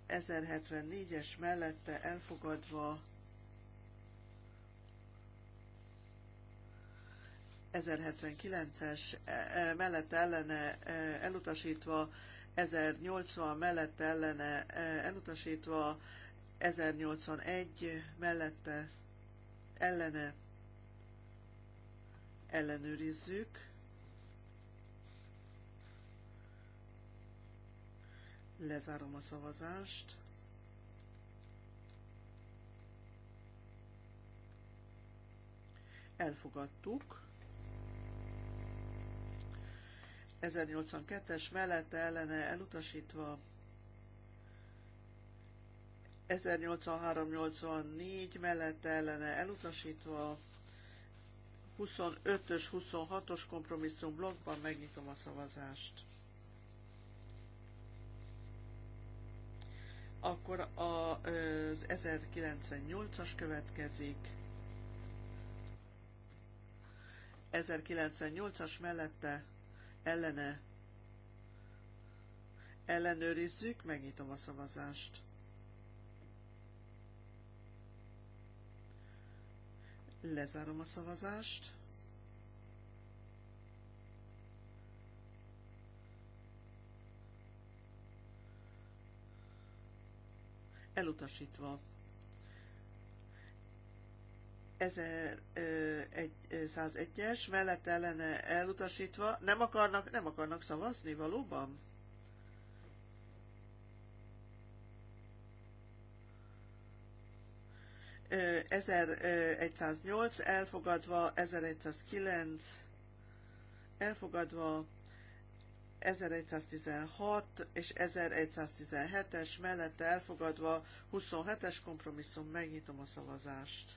Speaker 4: 1074-es mellette elfogadva. 1079-es e, e, mellette ellene e, elutasítva, 1080 mellette ellene elutasítva, 1081 mellette ellene ellenőrizzük. Lezárom a szavazást. Elfogadtuk. 1082-es mellette ellene elutasítva 1083-84 mellette ellene elutasítva, 25-ös, 26-os kompromisszum blokkban megnyitom a szavazást. Akkor az 1098-as következik. 1098-as mellette ellene ellenőrizzük, megnyitom a szavazást. Lezárom a szavazást. Elutasítva. 1101-es, mellette ellene elutasítva. Nem akarnak, nem akarnak szavazni valóban? 1108 elfogadva, 1109 elfogadva, 1116 és 1117-es mellette elfogadva 27-es kompromisszum, megnyitom a szavazást.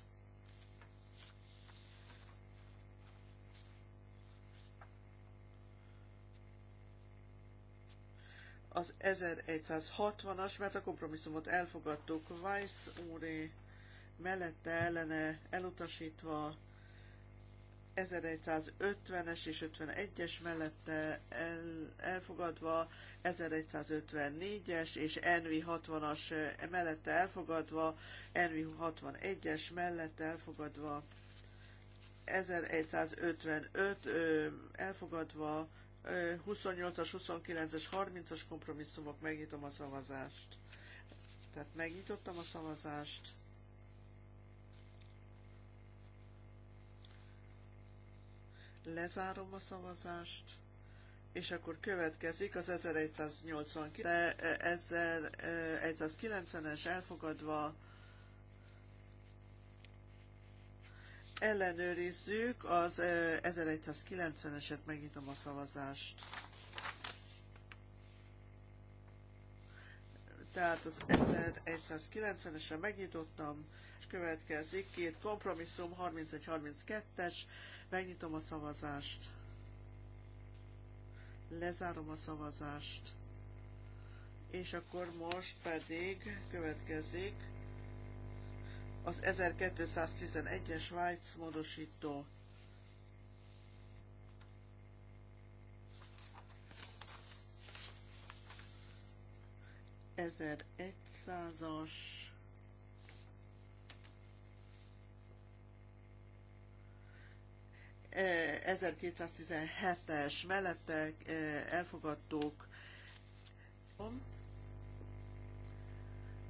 Speaker 4: Az 1160-as, mert a kompromisszumot elfogadtuk, Weiss úré mellette ellene elutasítva, 1150-es és 51-es mellette el, elfogadva, 1154-es és NV 60-as eh, mellette elfogadva, NV 61-es mellette elfogadva, 1155 ö, elfogadva, 28-as, 29-es, 30-as kompromisszumok, megnyitom a szavazást. Tehát megnyitottam a szavazást, Lezárom a szavazást, és akkor következik az 1189, 1190-es e, e, elfogadva ellenőrizzük az 1190-eset, e, megnyitom a szavazást. tehát az 1190-esre megnyitottam, és következik két kompromisszum, 31-32-es, megnyitom a szavazást, lezárom a szavazást, és akkor most pedig következik az 1211-es Svájc módosító 1100-as eh, 1217-es mellette eh, elfogadtuk.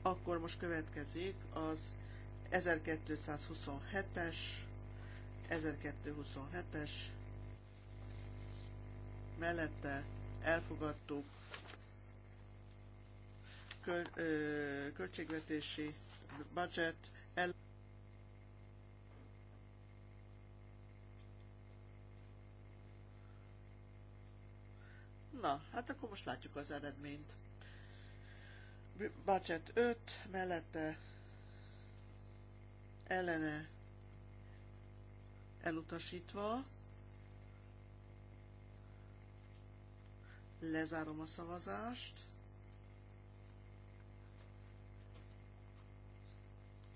Speaker 4: Akkor most következik az 1227-es, 1227-es mellette elfogadtuk ö, költségvetési budget el Na, hát akkor most látjuk az eredményt. Budget 5, mellette ellene elutasítva. Lezárom a szavazást.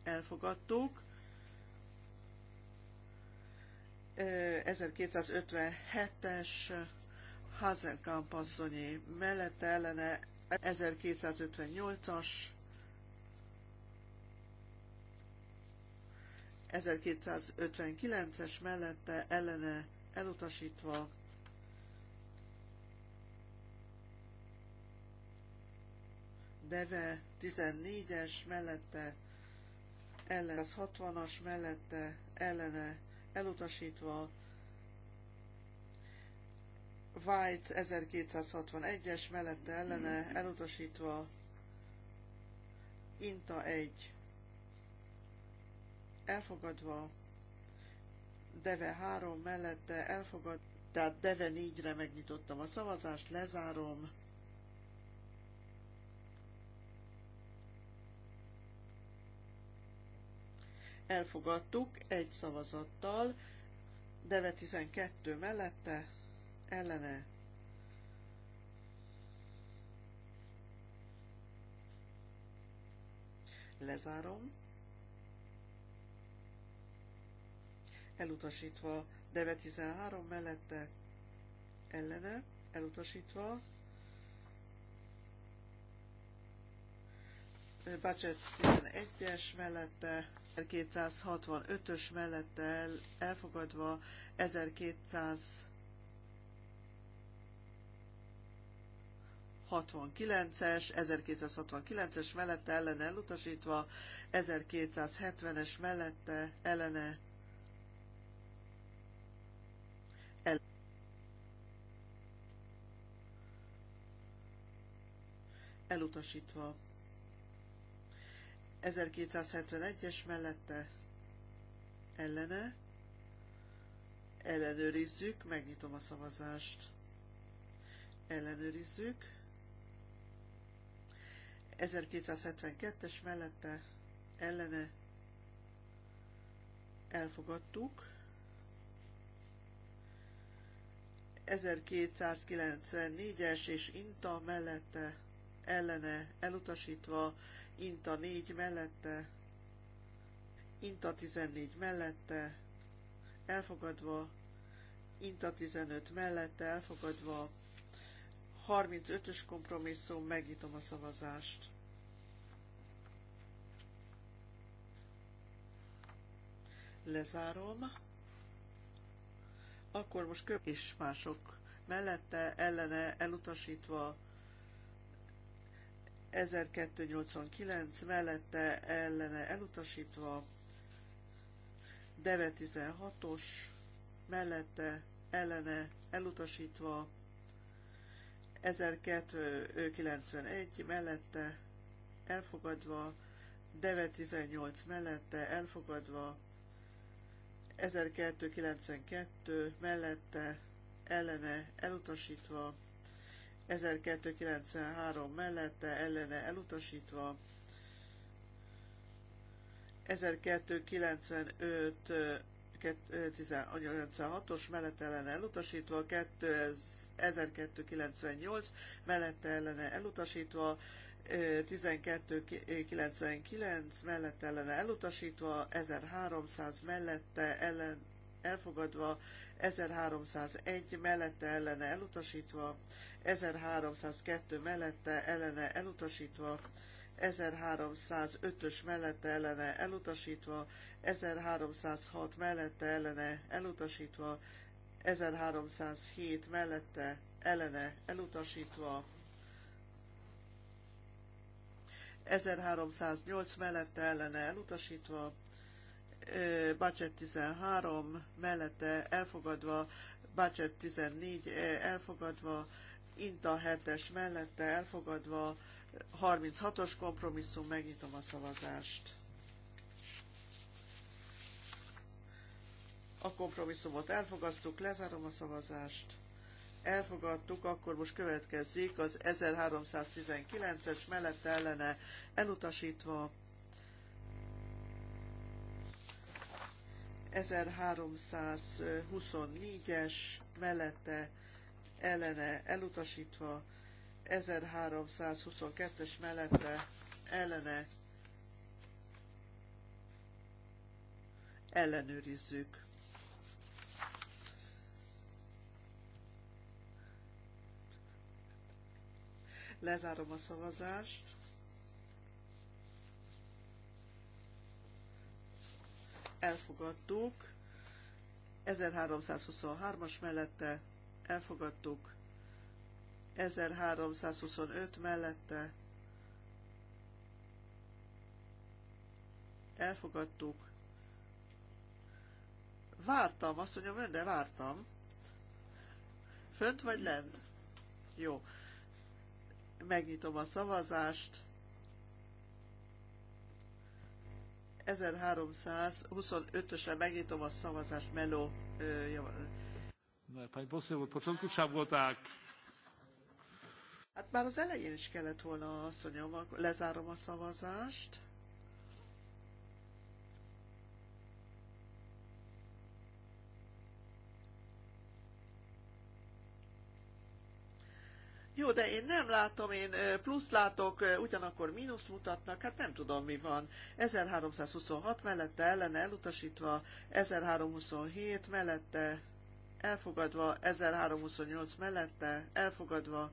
Speaker 4: elfogadtuk. 1257-es Hazenkamp asszonyi mellette ellene 1258-as 1259-es mellette ellene elutasítva Deve 14-es mellette ellen, 60 as mellette ellene elutasítva, White 1261-es mellette ellene elutasítva, Inta 1 elfogadva, Deve 3 mellette elfogad, tehát Deve 4-re megnyitottam a szavazást, lezárom, elfogadtuk egy szavazattal, Deve 12 mellette, ellene lezárom, elutasítva Deve 13 mellette, ellene, elutasítva, Budget 11-es mellette, 1265-ös mellette elfogadva 1269-es, 1269-es mellette ellene elutasítva, 1270-es mellette ellene el elutasítva. 1271-es mellette ellene. Ellenőrizzük, megnyitom a szavazást. Ellenőrizzük. 1272-es mellette ellene elfogadtuk. 1294-es és Inta mellette ellene elutasítva Inta 4 mellette, Inta 14 mellette, elfogadva, Inta 15 mellette, elfogadva, 35-ös kompromisszum, megnyitom a szavazást. Lezárom. Akkor most köp és mások mellette, ellene, elutasítva, 1289 mellette ellene elutasítva, Deve 16-os mellette ellene elutasítva, 1291 mellette elfogadva, Deve 18 mellette elfogadva, 1292 mellette ellene elutasítva, 1293 mellette ellene elutasítva, 1295 1896-os mellette ellene elutasítva, 1298 mellette ellene elutasítva, 1299 mellette ellene elutasítva, 1300 mellette ellen elfogadva, 1301 mellette ellene elutasítva, 1302 mellette ellene elutasítva, 1305-ös mellette ellene elutasítva, 1306 mellette ellene elutasítva, 1307 mellette ellene elutasítva, 1308 mellette ellene elutasítva, Bacset 13 mellette elfogadva, Bacset 14 elfogadva, Inta 7-es mellette elfogadva, 36-os kompromisszum, megnyitom a szavazást. A kompromisszumot elfogadtuk, lezárom a szavazást. Elfogadtuk, akkor most következzék az 1319-es mellette ellene elutasítva. 1324-es mellette ellene elutasítva, 1322-es mellette ellene ellenőrizzük. Lezárom a szavazást. Elfogadtuk. 1323-as mellette elfogadtuk. 1325 mellette elfogadtuk. Vártam, azt mondjam önre, vártam. Fönt vagy lent? Jó. Megnyitom a szavazást. 1325-ösre megnyitom a szavazást Meló ö, Pani poseł, od początku trzeba było tak. Hát már az elején is kellett volna asszonyom, lezárom a szavazást. Jó, de én nem látom, én plusz látok, ugyanakkor mínusz mutatnak, hát nem tudom mi van. 1326 mellette ellene elutasítva, 1327 mellette elfogadva 1328 mellette, elfogadva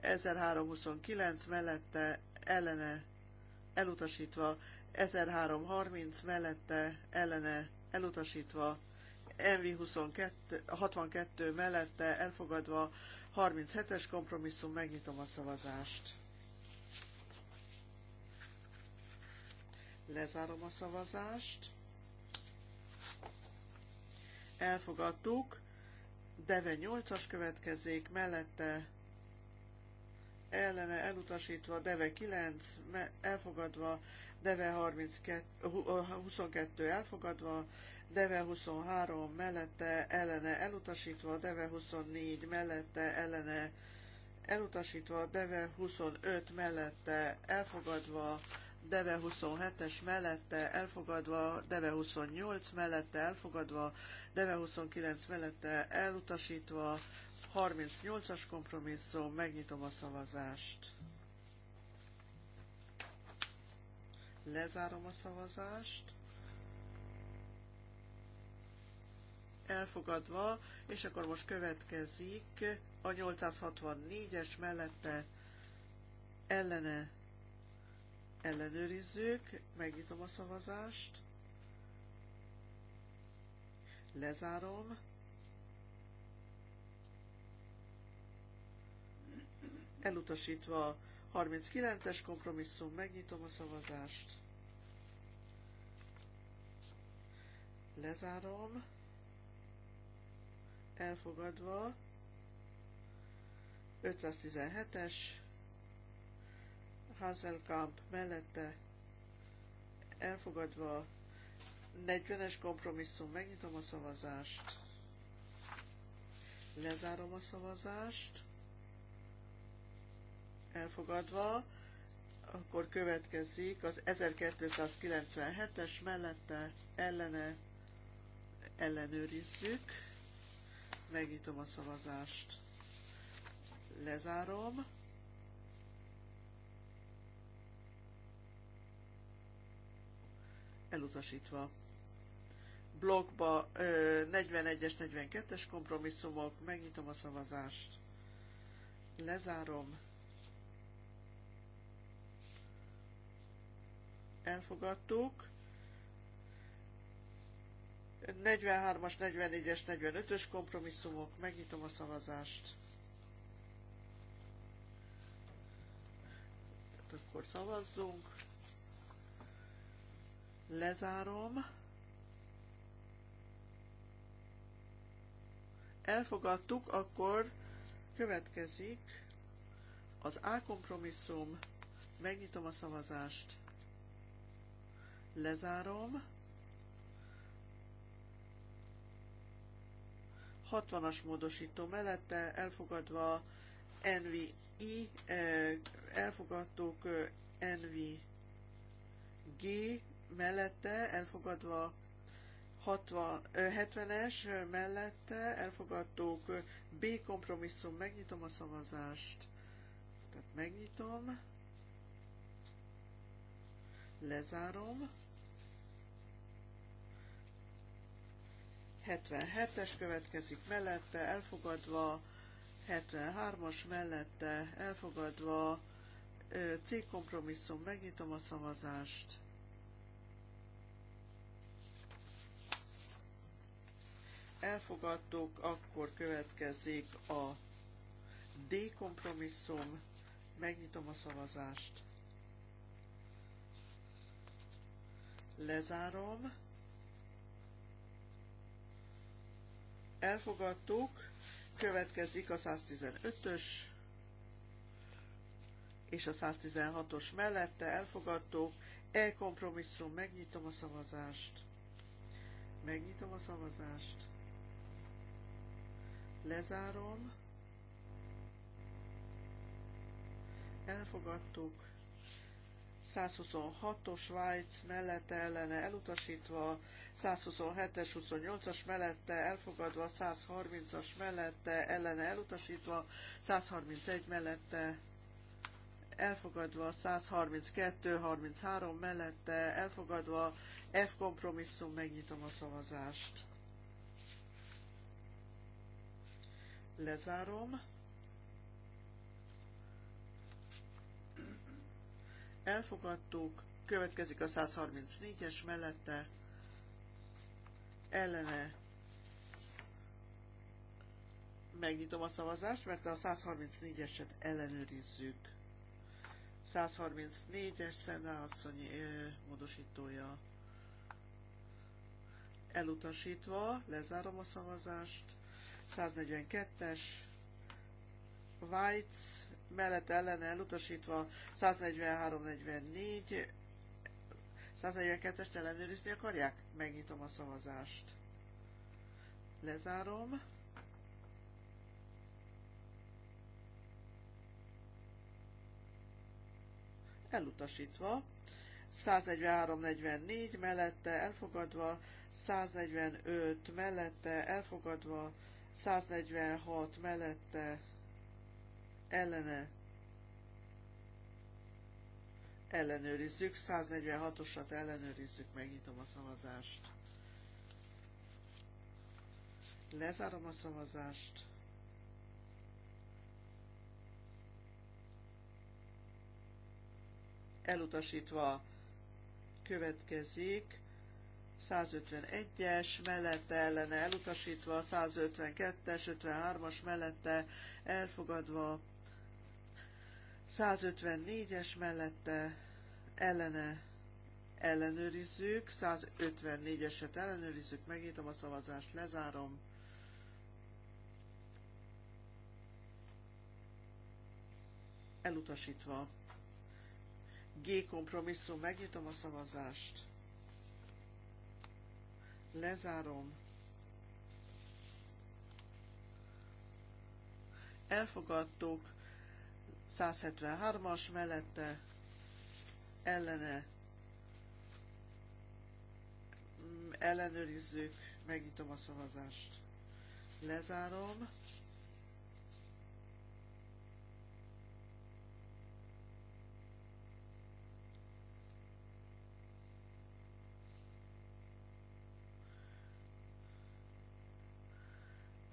Speaker 4: 1329 mellette, ellene, elutasítva 1330 mellette, ellene, elutasítva NV62 mellette, elfogadva 37-es kompromisszum, megnyitom a szavazást. Lezárom a szavazást. Elfogadtuk. Deve 8-as következik, mellette ellene elutasítva, Deve 9 elfogadva, Deve 32, 22 elfogadva, Deve 23 mellette ellene elutasítva, Deve 24 mellette ellene elutasítva, Deve 25 mellette elfogadva, Deve 27-es mellette elfogadva, Deve 28 mellette elfogadva, Deve 29 mellette elutasítva, 38-as kompromisszum, megnyitom a szavazást. Lezárom a szavazást. Elfogadva, és akkor most következik a 864-es mellette ellene ellenőrizzük, megnyitom a szavazást, lezárom, elutasítva 39-es kompromisszum, megnyitom a szavazást, lezárom, elfogadva, 517-es, Hazelkamp mellette elfogadva 40-es kompromisszum, megnyitom a szavazást, lezárom a szavazást, elfogadva, akkor következik az 1297-es mellette ellene ellenőrizzük, megnyitom a szavazást, lezárom, elutasítva. Blogba 41-es, 42-es kompromisszumok, megnyitom a szavazást, lezárom, elfogadtuk, 43-as, 44-es, 45-ös kompromisszumok, megnyitom a szavazást. Hát akkor szavazzunk. Lezárom. Elfogadtuk, akkor következik az A kompromisszum. Megnyitom a szavazást. Lezárom. 60-as módosító mellette elfogadva NVI, eh, elfogadtuk eh, NVG mellette elfogadva 60, 70-es mellette elfogadtuk B kompromisszum, megnyitom a szavazást. Tehát megnyitom, lezárom. 77-es következik mellette, elfogadva, 73-as mellette, elfogadva, C kompromisszum, megnyitom a szavazást. elfogadtuk, akkor következik a D kompromisszum. Megnyitom a szavazást. Lezárom. Elfogadtuk. Következik a 115-ös és a 116-os mellette elfogadtuk. E kompromisszum, megnyitom a szavazást. Megnyitom a szavazást. Lezárom. Elfogadtuk. 126-os Svájc mellette ellene elutasítva, 127-es, 28-as mellette elfogadva, 130-as mellette ellene elutasítva, 131 mellette elfogadva, 132, 33 mellette elfogadva, F kompromisszum, megnyitom a szavazást. lezárom. Elfogadtuk, következik a 134-es mellette, ellene megnyitom a szavazást, mert a 134-eset ellenőrizzük. 134-es Szenna asszony módosítója elutasítva, lezárom a szavazást. 142-es, Weitz mellett ellene elutasítva 143-44, 142-est ellenőrizni akarják? Megnyitom a szavazást. Lezárom. Elutasítva. 143-44 mellette elfogadva, 145 mellette elfogadva, 146 mellette ellene ellenőrizzük, 146-osat ellenőrizzük, megnyitom a szavazást. Lezárom a szavazást. Elutasítva következik 151-es mellette ellene elutasítva, 152-es, 53-as mellette elfogadva, 154-es mellette ellene ellenőrizzük, 154-eset ellenőrizzük, megnyitom a szavazást, lezárom. Elutasítva. G kompromisszum, megnyitom a szavazást. Lezárom. Elfogadtuk. 173-as mellette ellene mm, ellenőrizzük, megnyitom a szavazást. Lezárom.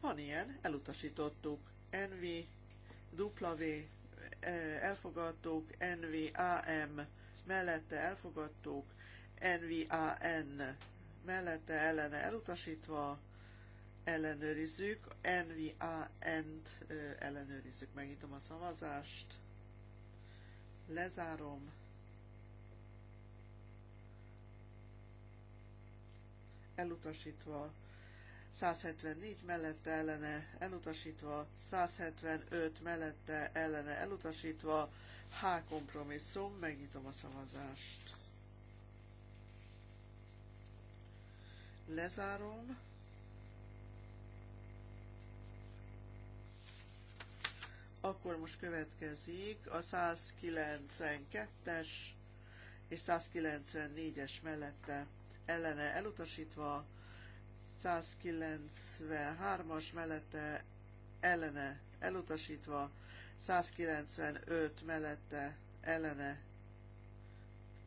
Speaker 4: Van ilyen, elutasítottuk. NV, W, eh, elfogadtuk, NVAM, mellette elfogadtuk, NVAN, mellette ellene elutasítva, ellenőrizzük, NVAN-t eh, ellenőrizzük, megnyitom a szavazást, lezárom, elutasítva, 174 mellette ellene elutasítva, 175 mellette ellene elutasítva, H kompromisszum, megnyitom a szavazást. Lezárom. Akkor most következik a 192-es és 194-es mellette ellene elutasítva, 193-as mellette ellene elutasítva, 195 mellette ellene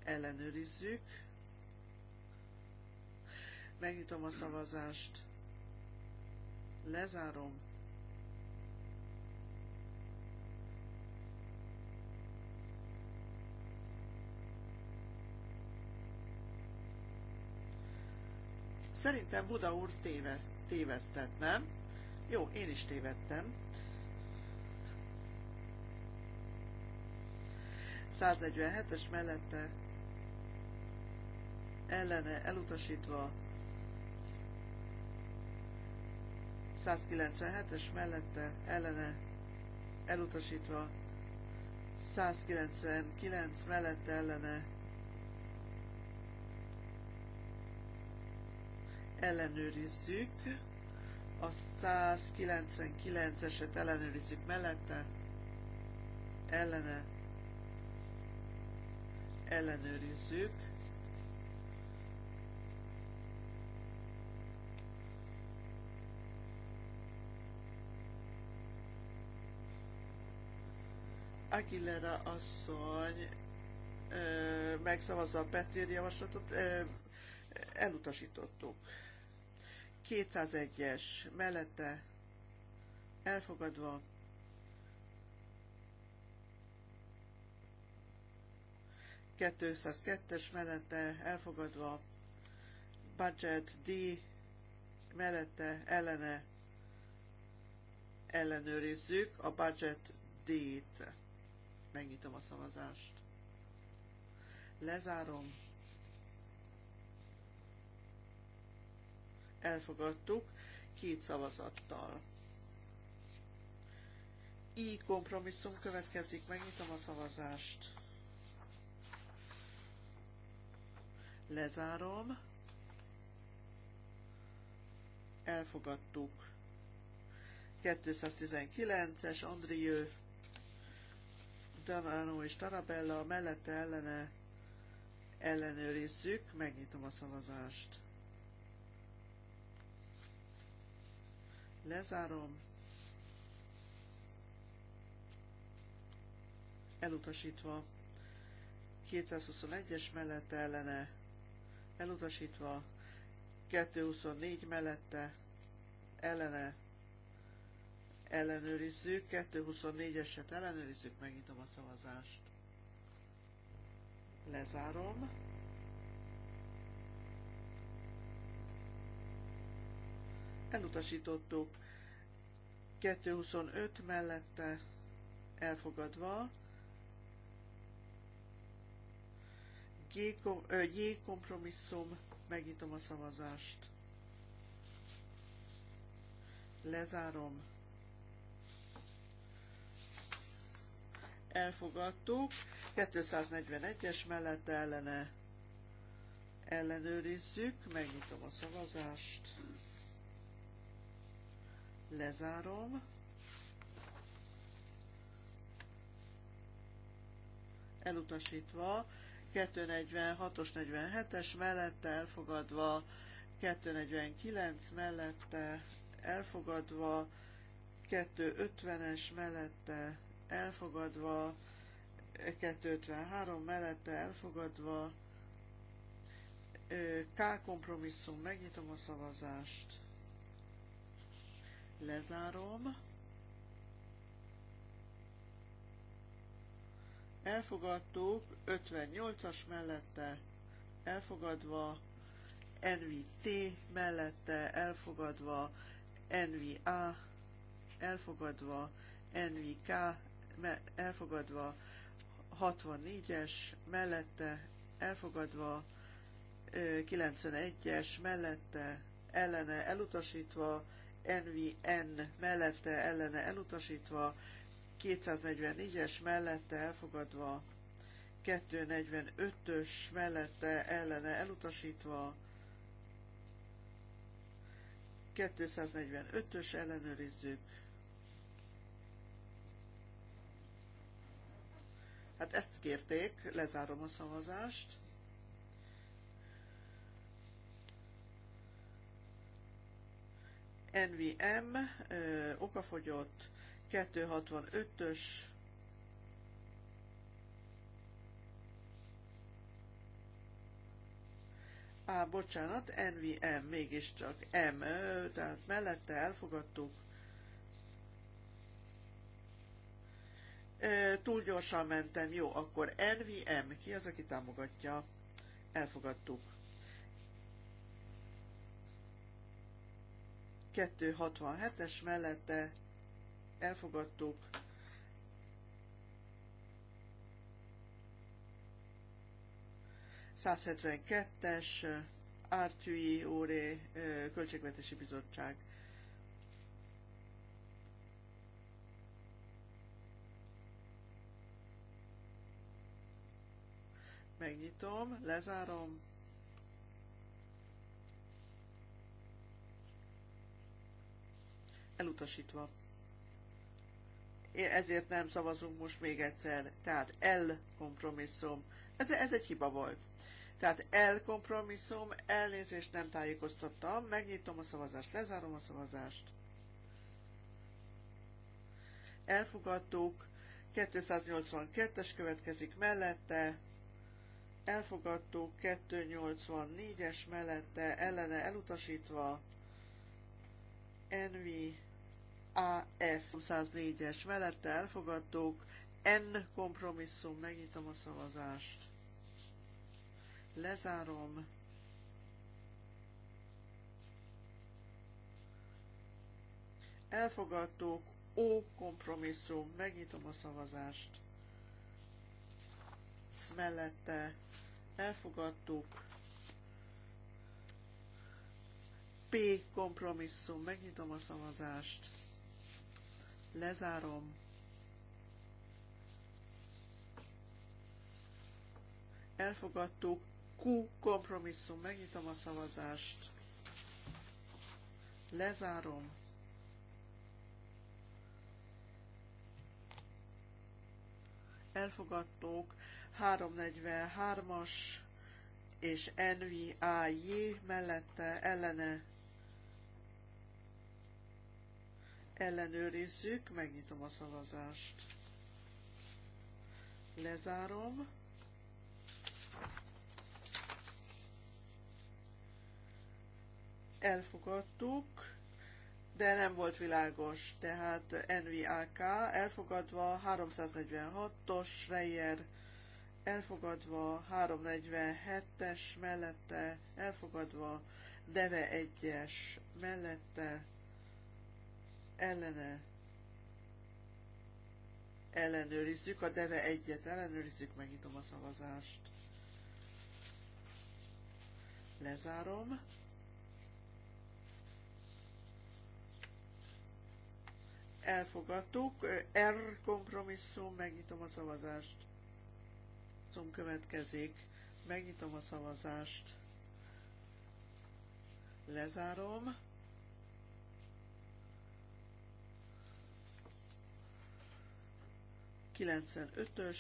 Speaker 4: ellenőrizzük. Megnyitom a szavazást, lezárom. Szerintem Buda úr téveszt, tévesztett, nem? Jó, én is tévedtem. 147-es mellette ellene elutasítva 197-es mellette ellene elutasítva 199 mellette ellene ellenőrizzük. A 199-eset ellenőrizzük mellette, ellene, ellenőrizzük. Aguilera asszony megszavazza a Petér javaslatot, elutasítottuk. 201-es mellette elfogadva. es mellette elfogadva. Budget D mellette ellene ellenőrizzük a budget D-t. Megnyitom a szavazást. Lezárom. elfogadtuk két szavazattal. Így kompromisszum következik, megnyitom a szavazást. Lezárom. Elfogadtuk. 219-es Andriő Danano és Tarabella mellette ellene ellenőrizzük, megnyitom a szavazást. Lezárom. Elutasítva. 221-es mellette ellene. Elutasítva. 224 mellette ellene. Ellenőrizzük. 224-eset ellenőrizzük. Megnyitom a szavazást. Lezárom elutasítottuk. 225 mellette elfogadva. J kompromisszum, megnyitom a szavazást. Lezárom. Elfogadtuk. 241-es mellette ellene ellenőrizzük, megnyitom a szavazást. Lezárom. Elutasítva. 246-os, 47-es mellette elfogadva. 249 mellette elfogadva. 250-es mellette elfogadva. 253 mellette elfogadva. K kompromisszum, megnyitom a szavazást. Lezárom. Elfogadtuk 58-as mellette, elfogadva NVT mellette, elfogadva NVA, elfogadva NVK, elfogadva 64-es mellette, elfogadva 91-es mellette, ellene elutasítva NVN mellette ellene elutasítva, 244-es mellette elfogadva, 245-ös mellette ellene elutasítva, 245-ös ellenőrizzük. Hát ezt kérték, lezárom a szavazást. NVM ö, okafogyott 265-ös Á, bocsánat, NVM, mégiscsak M, tehát mellette elfogadtuk. túl gyorsan mentem, jó, akkor NVM, ki az, aki támogatja? Elfogadtuk. 267-es mellette elfogadtuk. es Ártyűi Óré Költségvetési Bizottság. Megnyitom, lezárom. elutasítva. ezért nem szavazunk most még egyszer. Tehát el kompromisszum. Ez, ez egy hiba volt. Tehát el kompromisszum, elnézést nem tájékoztattam, megnyitom a szavazást, lezárom a szavazást. Elfogadtuk, 282-es következik mellette, elfogadtuk, 284-es mellette, ellene elutasítva, NV AF 104-es mellette elfogadtuk, N kompromisszum, megnyitom a szavazást, lezárom, elfogadtuk, O kompromisszum, megnyitom a szavazást, mellette elfogadtuk, P kompromisszum. Megnyitom a szavazást. Lezárom. Elfogadtuk. Q kompromisszum. Megnyitom a szavazást. Lezárom. Elfogadtuk. 343-as és NVAJ mellette ellene ellenőrizzük, megnyitom a szavazást. Lezárom. Elfogadtuk, de nem volt világos, tehát NVAK elfogadva 346-os Reyer elfogadva 347-es mellette, elfogadva Deve 1-es mellette, ellene ellenőrizzük, a deve egyet ellenőrizzük, megnyitom a szavazást. Lezárom. Elfogadtuk. R kompromisszum, megnyitom a szavazást. Szom következik. Megnyitom a szavazást. Lezárom. 95-ös,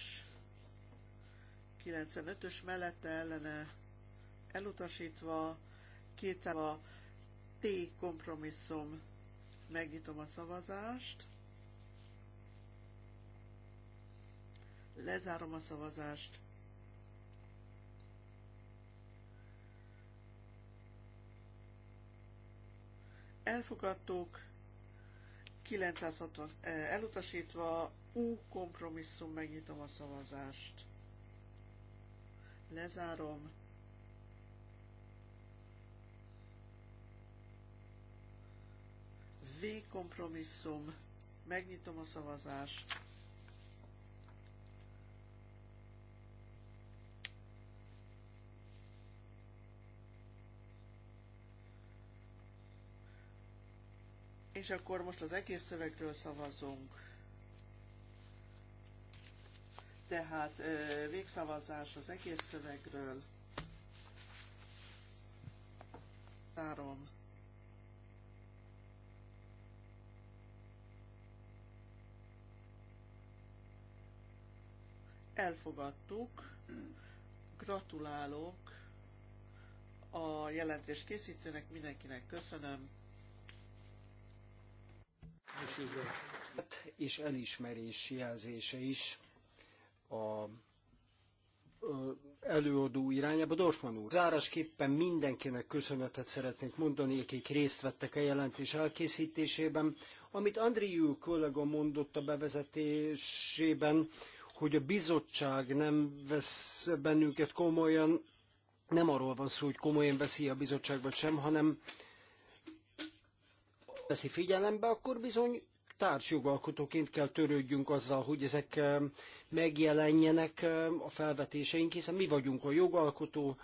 Speaker 4: 95-ös mellette ellene elutasítva, 200 a T kompromisszum. Megnyitom a szavazást. Lezárom a szavazást. Elfogadtuk, 960 eh, elutasítva, Ú. kompromisszum, megnyitom a szavazást. Lezárom. V kompromisszum, megnyitom a szavazást. És akkor most az egész szövegről szavazunk. Tehát végszavazás az egész szövegről. tárom Elfogadtuk. Gratulálok a jelentés készítőnek, mindenkinek köszönöm.
Speaker 1: És elismerés jelzése is a előadó irányába. Dorfman úr, zárásképpen mindenkinek köszönetet szeretnék mondani, akik részt vettek a jelentés elkészítésében. Amit Andriu kollega mondott a bevezetésében, hogy a bizottság nem vesz bennünket komolyan, nem arról van szó, hogy komolyan veszi a bizottság vagy sem, hanem veszi figyelembe, akkor bizony társjogalkotóként kell törődjünk azzal, hogy ezek eh, megjelenjenek eh, a felvetéseink, hiszen mi vagyunk a jogalkotó,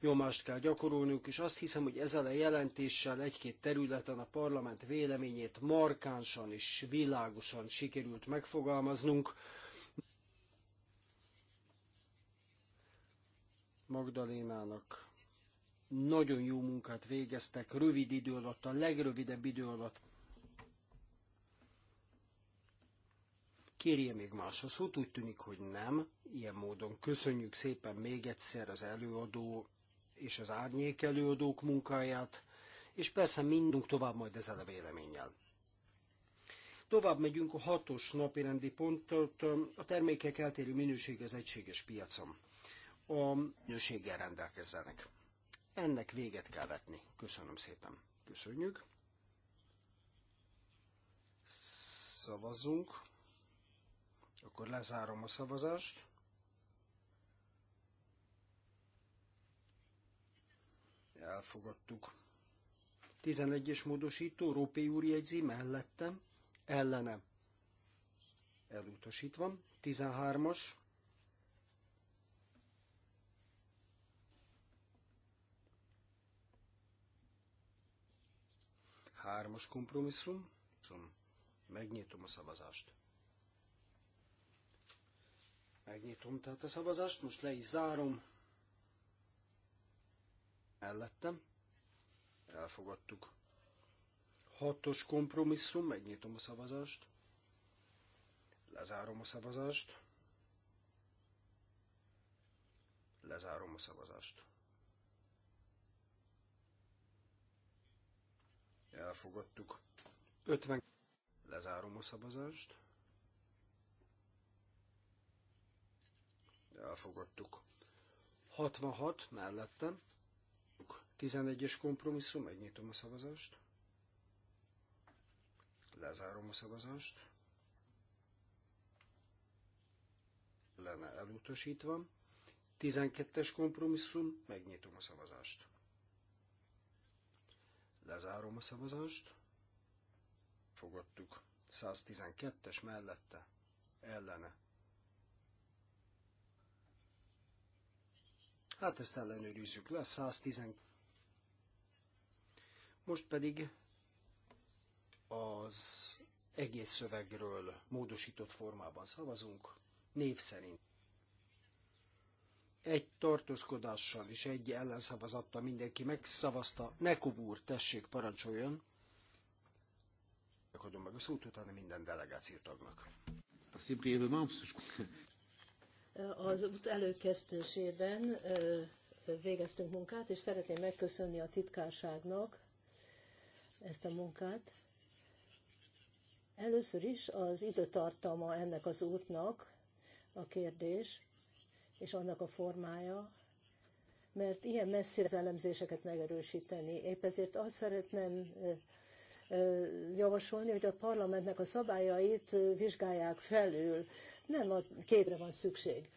Speaker 1: nyomást kell gyakorolnunk, és azt hiszem, hogy ezzel a jelentéssel egy-két területen a parlament véleményét markánsan és világosan sikerült megfogalmaznunk. Magdalénának nagyon jó munkát végeztek rövid idő alatt, a legrövidebb idő alatt Kérje még más a szót, úgy tűnik, hogy nem. Ilyen módon köszönjük szépen még egyszer az előadó és az árnyék előadók munkáját, és persze mindunk tovább majd ezzel a véleménnyel. Tovább megyünk a hatos rendi pontot, a termékek eltérő minőség az egységes piacon. A minőséggel rendelkezzenek. Ennek véget kell vetni. Köszönöm szépen. Köszönjük. Szavazunk. Akkor lezárom a szavazást. Elfogadtuk. 11-es módosító, Rópé úr jegyzi, mellettem, ellenem. Elutasítva. 13-as, hármas kompromisszum. Megnyitom a szavazást. Megnyitom tehát a szavazást, most le is zárom. Mellettem. Elfogadtuk. Hatos kompromisszum, megnyitom a szavazást. Lezárom a szavazást. Lezárom a szavazást. Elfogadtuk. 50. Lezárom a szavazást. elfogadtuk. 66 mellettem, 11-es kompromisszum, megnyitom a szavazást, lezárom a szavazást, lenne elutasítva, 12-es kompromisszum, megnyitom a szavazást. Lezárom a szavazást. Fogadtuk. 112-es mellette. Ellene. Hát ezt ellenőrizzük le, 110. Most pedig az egész szövegről módosított formában szavazunk, név szerint. Egy tartózkodással és egy ellenszavazattal mindenki megszavazta. Nekub úr, tessék, parancsoljon! Megadom meg a szót utána minden delegáció tagnak
Speaker 2: az út előkezdésében végeztünk munkát, és szeretném megköszönni a titkárságnak ezt a munkát. Először is az időtartama ennek az útnak a kérdés, és annak a formája, mert ilyen messzire az elemzéseket megerősíteni. Épp ezért azt szeretném javasolni, hogy a parlamentnek a szabályait vizsgálják felül. Nem a képre van szükség.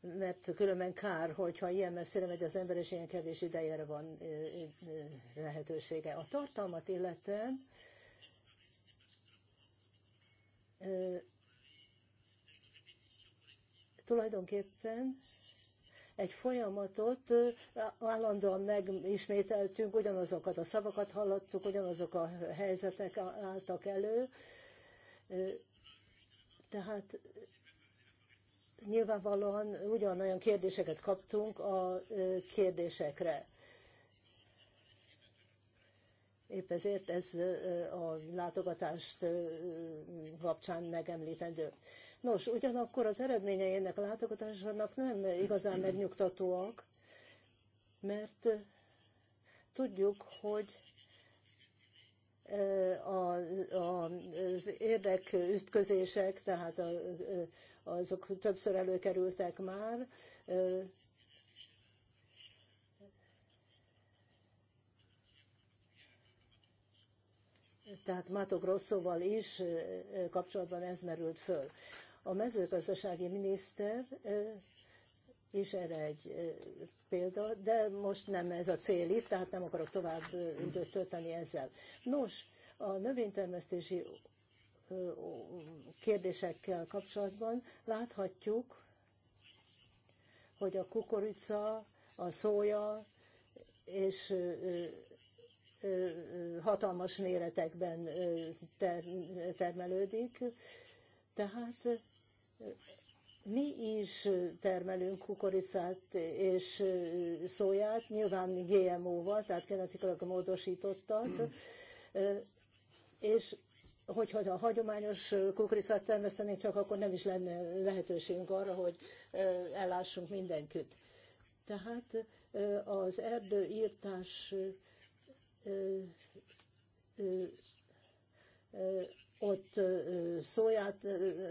Speaker 2: Mert különben kár, hogyha ilyen messzire megy az ember, és ilyen kevés idejére van lehetősége. A tartalmat illetően tulajdonképpen egy folyamatot, állandóan megismételtünk, ugyanazokat a szavakat hallottuk, ugyanazok a helyzetek álltak elő. Tehát nyilvánvalóan ugyanolyan kérdéseket kaptunk a kérdésekre. Épp ezért ez a látogatást kapcsán megemlítendő. Nos, ugyanakkor az eredményei ennek a látogatásának nem igazán megnyugtatóak, mert tudjuk, hogy az érdekütközések, tehát azok többször előkerültek már, tehát Mato Grosszóval is kapcsolatban ez merült föl. A mezőgazdasági miniszter is erre egy példa, de most nem ez a cél itt, tehát nem akarok tovább időt tölteni ezzel. Nos, a növénytermesztési kérdésekkel kapcsolatban láthatjuk, hogy a kukorica, a szója és hatalmas méretekben termelődik, tehát mi is termelünk kukoricát és szóját, nyilván GMO-val, tehát genetikailag módosítottat, és hogyha a hagyományos kukoricát termesztenénk, csak akkor nem is lenne lehetőségünk arra, hogy ellássunk mindenkit. Tehát az erdőírtás ott szóját,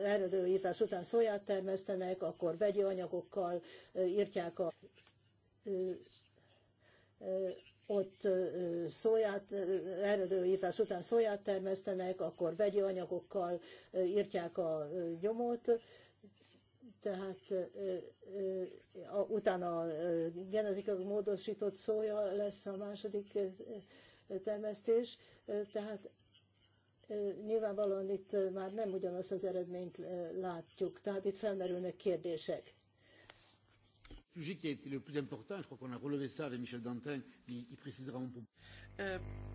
Speaker 2: erdőírtás után szóját termesztenek, akkor vegyi anyagokkal írtják a ott szóját, erdőírtás után szóját termesztenek, akkor vegyi anyagokkal írtják a nyomot, tehát utána genetikailag módosított szója lesz a második termesztés, tehát nyilvánvalóan itt már nem ugyanazt az eredményt látjuk, tehát itt felmerülnek kérdések.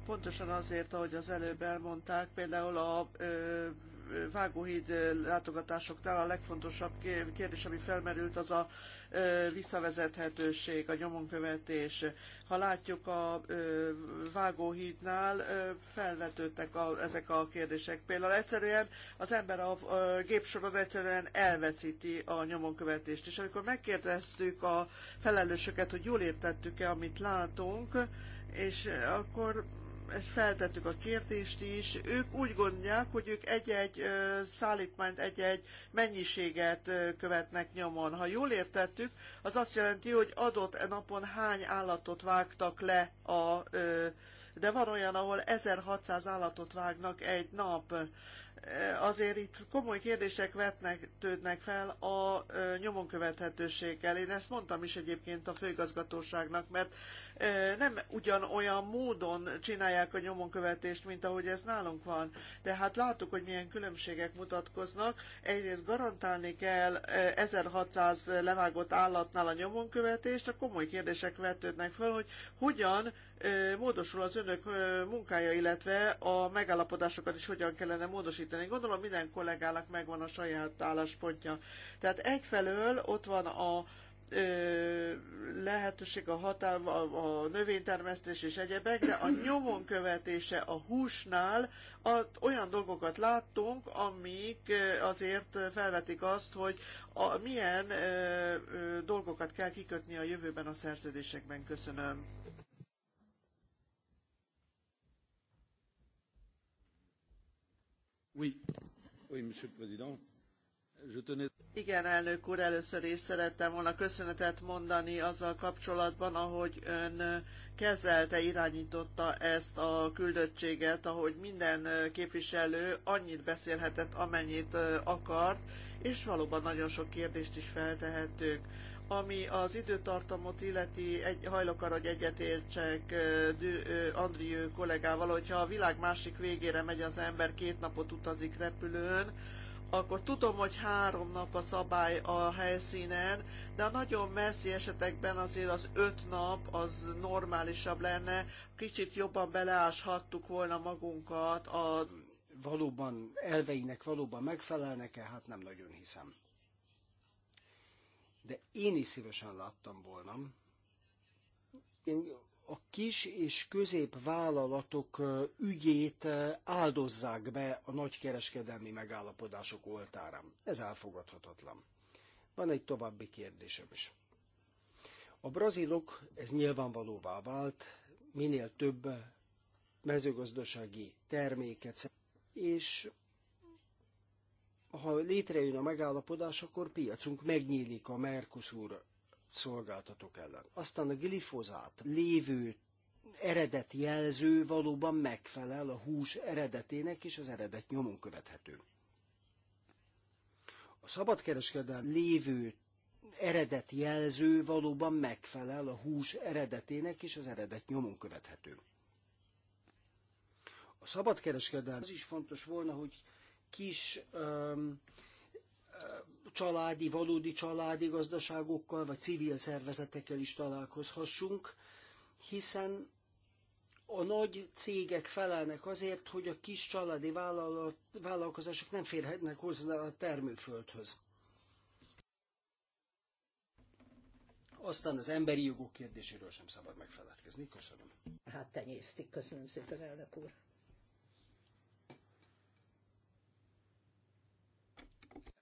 Speaker 4: Pontosan azért, ahogy az előbb elmondták, például a vágóhíd látogatásoknál a legfontosabb kérdés, ami felmerült, az a visszavezethetőség, a nyomonkövetés. Ha látjuk a vágóhídnál, felvetődtek a, ezek a kérdések. Például egyszerűen az ember a, a gépsorod egyszerűen elveszíti a nyomonkövetést. És amikor megkérdeztük a felelősöket, hogy jól értettük-e, amit látunk, és akkor feltettük a kérdést is, ők úgy gondolják, hogy ők egy-egy szállítmányt, egy-egy mennyiséget követnek nyomon. Ha jól értettük, az azt jelenti, hogy adott napon hány állatot vágtak le a de van olyan, ahol 1600 állatot vágnak egy nap azért itt komoly kérdések vetnek, tődnek fel a nyomon követhetőséggel. Én ezt mondtam is egyébként a főigazgatóságnak, mert nem ugyanolyan módon csinálják a nyomon követést, mint ahogy ez nálunk van. De hát láttuk, hogy milyen különbségek mutatkoznak. Egyrészt garantálni kell 1600 levágott állatnál a nyomon követést, a komoly kérdések vetődnek fel, hogy hogyan módosul az önök munkája, illetve a megállapodásokat is hogyan kellene módosítani. Gondolom minden kollégának megvan a saját álláspontja. Tehát egyfelől ott van a lehetőség a határ, a, a növénytermesztés és egyebek, de a nyomon követése a húsnál a, olyan dolgokat láttunk, amik azért felvetik azt, hogy a, milyen dolgokat kell kikötni a jövőben a szerződésekben. Köszönöm. Igen, elnök úr, először is szerettem volna köszönetet mondani azzal kapcsolatban, ahogy ön kezelte, irányította ezt a küldöttséget, ahogy minden képviselő annyit beszélhetett, amennyit akart, és valóban nagyon sok kérdést is feltehettünk. Ami az időtartamot illeti, egy, hajlok arra, hogy egyetértsek Andriő kollégával, hogyha a világ másik végére megy az ember, két napot utazik repülőn, akkor tudom, hogy három nap a szabály a helyszínen, de a nagyon messzi esetekben azért az öt nap az normálisabb lenne, kicsit jobban beleáshattuk volna magunkat a
Speaker 1: valóban elveinek valóban megfelelnek-e, hát nem nagyon hiszem de én is szívesen láttam volna. Én a kis és vállalatok ügyét áldozzák be a nagykereskedelmi megállapodások oltárán. Ez elfogadhatatlan. Van egy további kérdésem is. A brazilok, ez nyilvánvalóvá vált, minél több mezőgazdasági terméket, és ha létrejön a megállapodás, akkor piacunk megnyílik a Mercosur szolgáltatók ellen. Aztán a glifozát lévő eredet jelző valóban megfelel a hús eredetének, és az eredet nyomon követhető. A szabadkereskedelem lévő eredet jelző valóban megfelel a hús eredetének, és az eredet nyomon követhető. A szabadkereskedelem az is fontos volna, hogy kis um, családi, valódi családi gazdaságokkal, vagy civil szervezetekkel is találkozhassunk, hiszen a nagy cégek felelnek azért, hogy a kis családi vállalat, vállalkozások nem férhetnek hozzá a termőföldhöz. Aztán az emberi jogok kérdéséről sem szabad megfeledkezni. Köszönöm. Hát tenyésztik. Köszönöm
Speaker 2: szépen, elnök úr.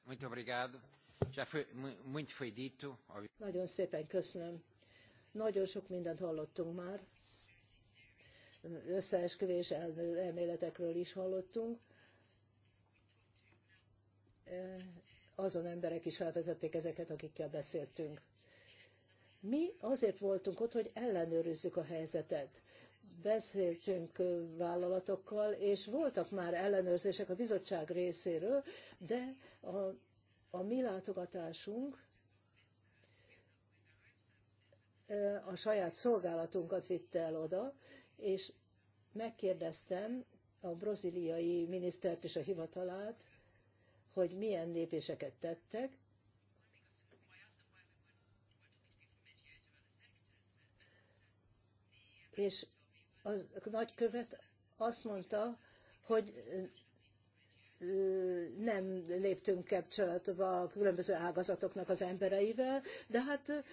Speaker 1: Muito obrigado. Já foi, muito foi dito. Nagyon
Speaker 2: szépen köszönöm. Nagyon sok mindent hallottunk már. Összeesküvés elméletekről is hallottunk. Eh, azon emberek is felvezették ezeket, akikkel beszéltünk. Mi azért voltunk ott, hogy ellenőrizzük a helyzetet beszéltünk vállalatokkal, és voltak már ellenőrzések a bizottság részéről, de a, a mi látogatásunk a saját szolgálatunkat vitte el oda, és megkérdeztem a braziliai minisztert és a hivatalát, hogy milyen lépéseket tettek, és az nagykövet azt mondta, hogy nem léptünk kapcsolatba a különböző ágazatoknak az embereivel, de hát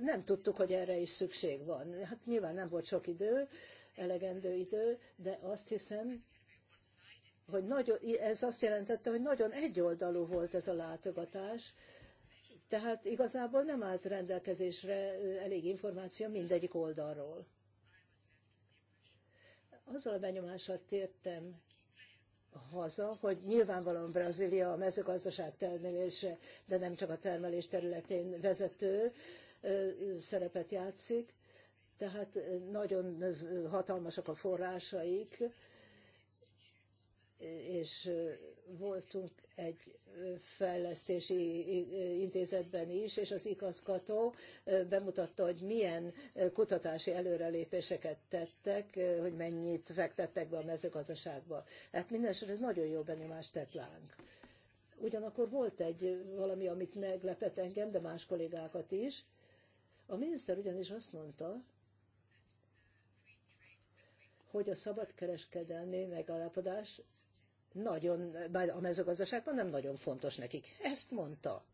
Speaker 2: nem tudtuk, hogy erre is szükség van. Hát nyilván nem volt sok idő, elegendő idő, de azt hiszem, hogy nagyon, ez azt jelentette, hogy nagyon egyoldalú volt ez a látogatás, tehát igazából nem állt rendelkezésre elég információ mindegyik oldalról azzal a benyomással tértem haza, hogy nyilvánvalóan Brazília a mezőgazdaság termelése, de nem csak a termelés területén vezető szerepet játszik, tehát nagyon hatalmasak a forrásaik, és voltunk egy fejlesztési intézetben is, és az igazgató bemutatta, hogy milyen kutatási előrelépéseket tettek, hogy mennyit fektettek be a mezőgazdaságba. Hát mindenesetre ez nagyon jó benyomást tett ránk. Ugyanakkor volt egy valami, amit meglepett engem, de más kollégákat is. A miniszter ugyanis azt mondta, hogy a szabadkereskedelmi megállapodás nagyon, a mezőgazdaságban nem nagyon fontos nekik. Ezt mondta.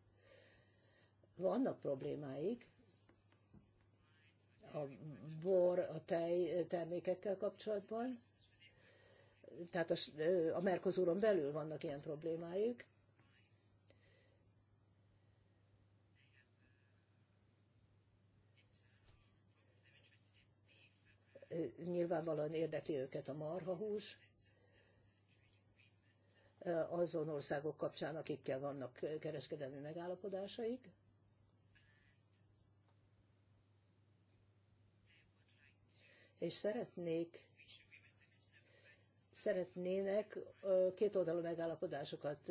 Speaker 2: Vannak problémáik a bor, a tej termékekkel kapcsolatban, tehát a, a Merkozúron belül vannak ilyen problémáik. Nyilvánvalóan érdekli őket a marhahús, azon országok kapcsán, akikkel vannak kereskedelmi megállapodásaik. És szeretnék szeretnének két oldalú megállapodásokat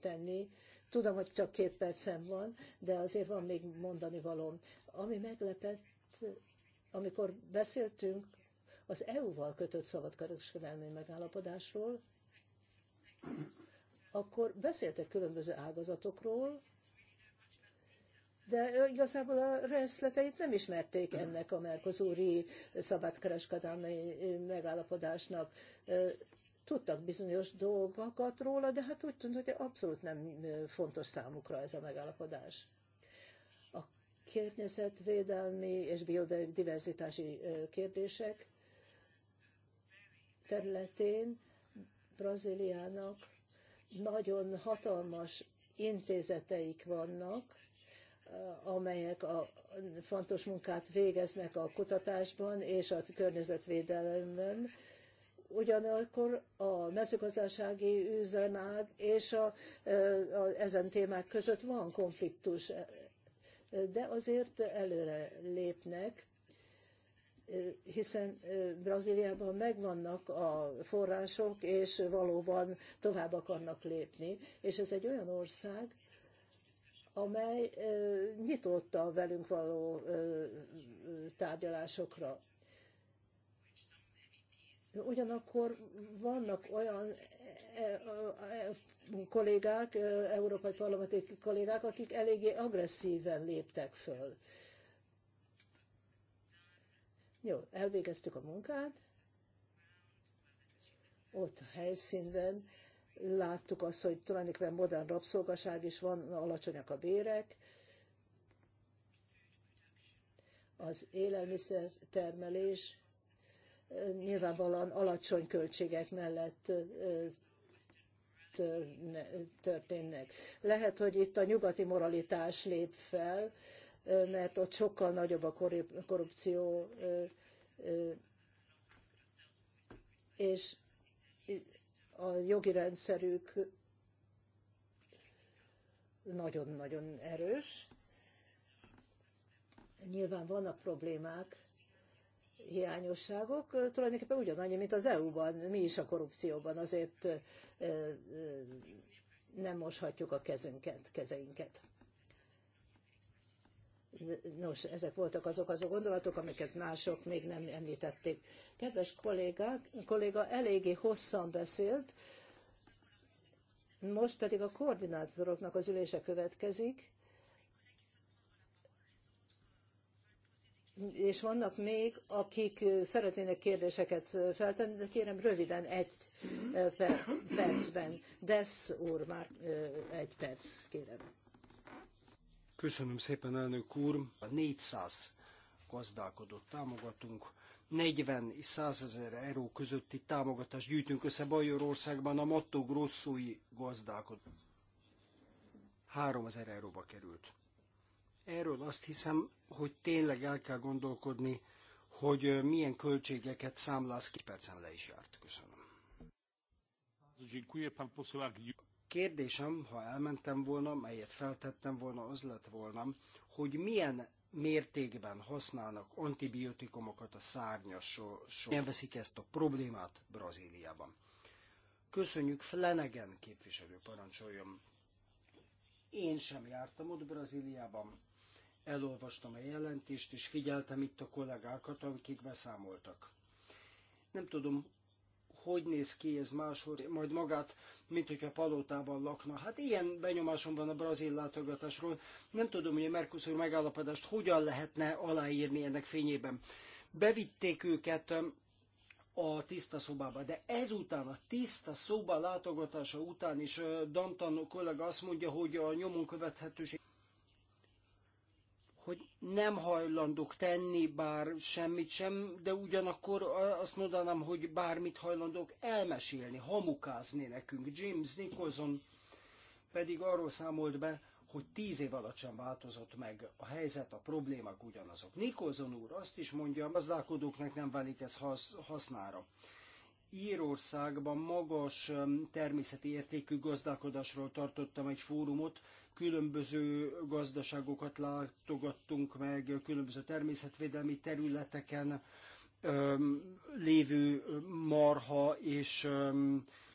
Speaker 2: tenni. Tudom, hogy csak két percem van, de azért van még mondani valóm. Ami meglepett, amikor beszéltünk az EU-val kötött szabadkereskedelmi megállapodásról, akkor beszéltek különböző ágazatokról, de igazából a részleteit nem ismerték ennek a Mercosuri szabadkereskedelmi megállapodásnak. Tudtak bizonyos dolgokat róla, de hát úgy tűnt, hogy abszolút nem fontos számukra ez a megállapodás. A környezetvédelmi és biodiverzitási kérdések területén Brazíliának nagyon hatalmas intézeteik vannak, eh, amelyek a fontos munkát végeznek a kutatásban és a környezetvédelemben. Ugyanakkor a mezőgazdasági üzemág és a, a, eh, a, ezen témák között van konfliktus, eh, de azért előre lépnek, hiszen Brazíliában megvannak a források, és valóban tovább akarnak lépni. És ez egy olyan ország, amely nyitotta velünk való tárgyalásokra. Ugyanakkor vannak olyan e, e, kollégák, európai parlamenti kollégák, akik eléggé agresszíven léptek föl. Jó, elvégeztük a munkát. Ott a helyszínben láttuk azt, hogy tulajdonképpen modern rabszolgaság is van, alacsonyak a bérek. Az élelmiszer termelés nyilvánvalóan alacsony költségek mellett történnek. Lehet, hogy itt a nyugati moralitás lép fel, mert ott sokkal nagyobb a korrupció, és a jogi rendszerük nagyon-nagyon erős. Nyilván vannak problémák, hiányosságok, tulajdonképpen ugyanannyi, mint az EU-ban, mi is a korrupcióban, azért nem moshatjuk a kezünket, kezeinket. Nos, ezek voltak azok az a gondolatok, amiket mások még nem említették. Kedves kollégák, kolléga eléggé hosszan beszélt, most pedig a koordinátoroknak az ülése következik, és vannak még, akik szeretnének kérdéseket feltenni, de kérem röviden egy eh, percben. Desz úr, már eh, egy perc, kérem.
Speaker 1: Köszönöm szépen, elnök úr. A 400 gazdálkodót támogatunk. 40 és 100 ezer euró közötti támogatást gyűjtünk össze Bajorországban a Matto Grosszói gazdálkodó. 3000 euróba került. Erről azt hiszem, hogy tényleg el kell gondolkodni, hogy milyen költségeket számláz ki. Percen le is járt. Köszönöm kérdésem, ha elmentem volna, melyet feltettem volna, az lett volna, hogy milyen mértékben használnak antibiotikumokat a szárnyas Milyen veszik ezt a problémát Brazíliában? Köszönjük Flanagan képviselő parancsoljon. Én sem jártam ott Brazíliában, elolvastam a jelentést, és figyeltem itt a kollégákat, akik beszámoltak. Nem tudom, hogy néz ki ez máshol, majd magát, mint hogyha palotában lakna. Hát ilyen benyomásom van a brazil látogatásról. Nem tudom, hogy a Mercosur megállapodást hogyan lehetne aláírni ennek fényében. Bevitték őket um, a tiszta szobába. De ezután, a tiszta szoba látogatása után is uh, Dantan kollega azt mondja, hogy a nyomon követhetőség hogy nem hajlandok tenni bár semmit sem, de ugyanakkor azt mondanám, hogy bármit hajlandok elmesélni, hamukázni nekünk. James Nicholson pedig arról számolt be, hogy tíz év alatt sem változott meg a helyzet, a problémák ugyanazok. Nicholson úr azt is mondja, a gazdálkodóknak nem válik ez hasz, hasznára. Írországban magas természeti értékű gazdálkodásról tartottam egy fórumot, különböző gazdaságokat látogattunk meg, különböző természetvédelmi területeken lévő marha és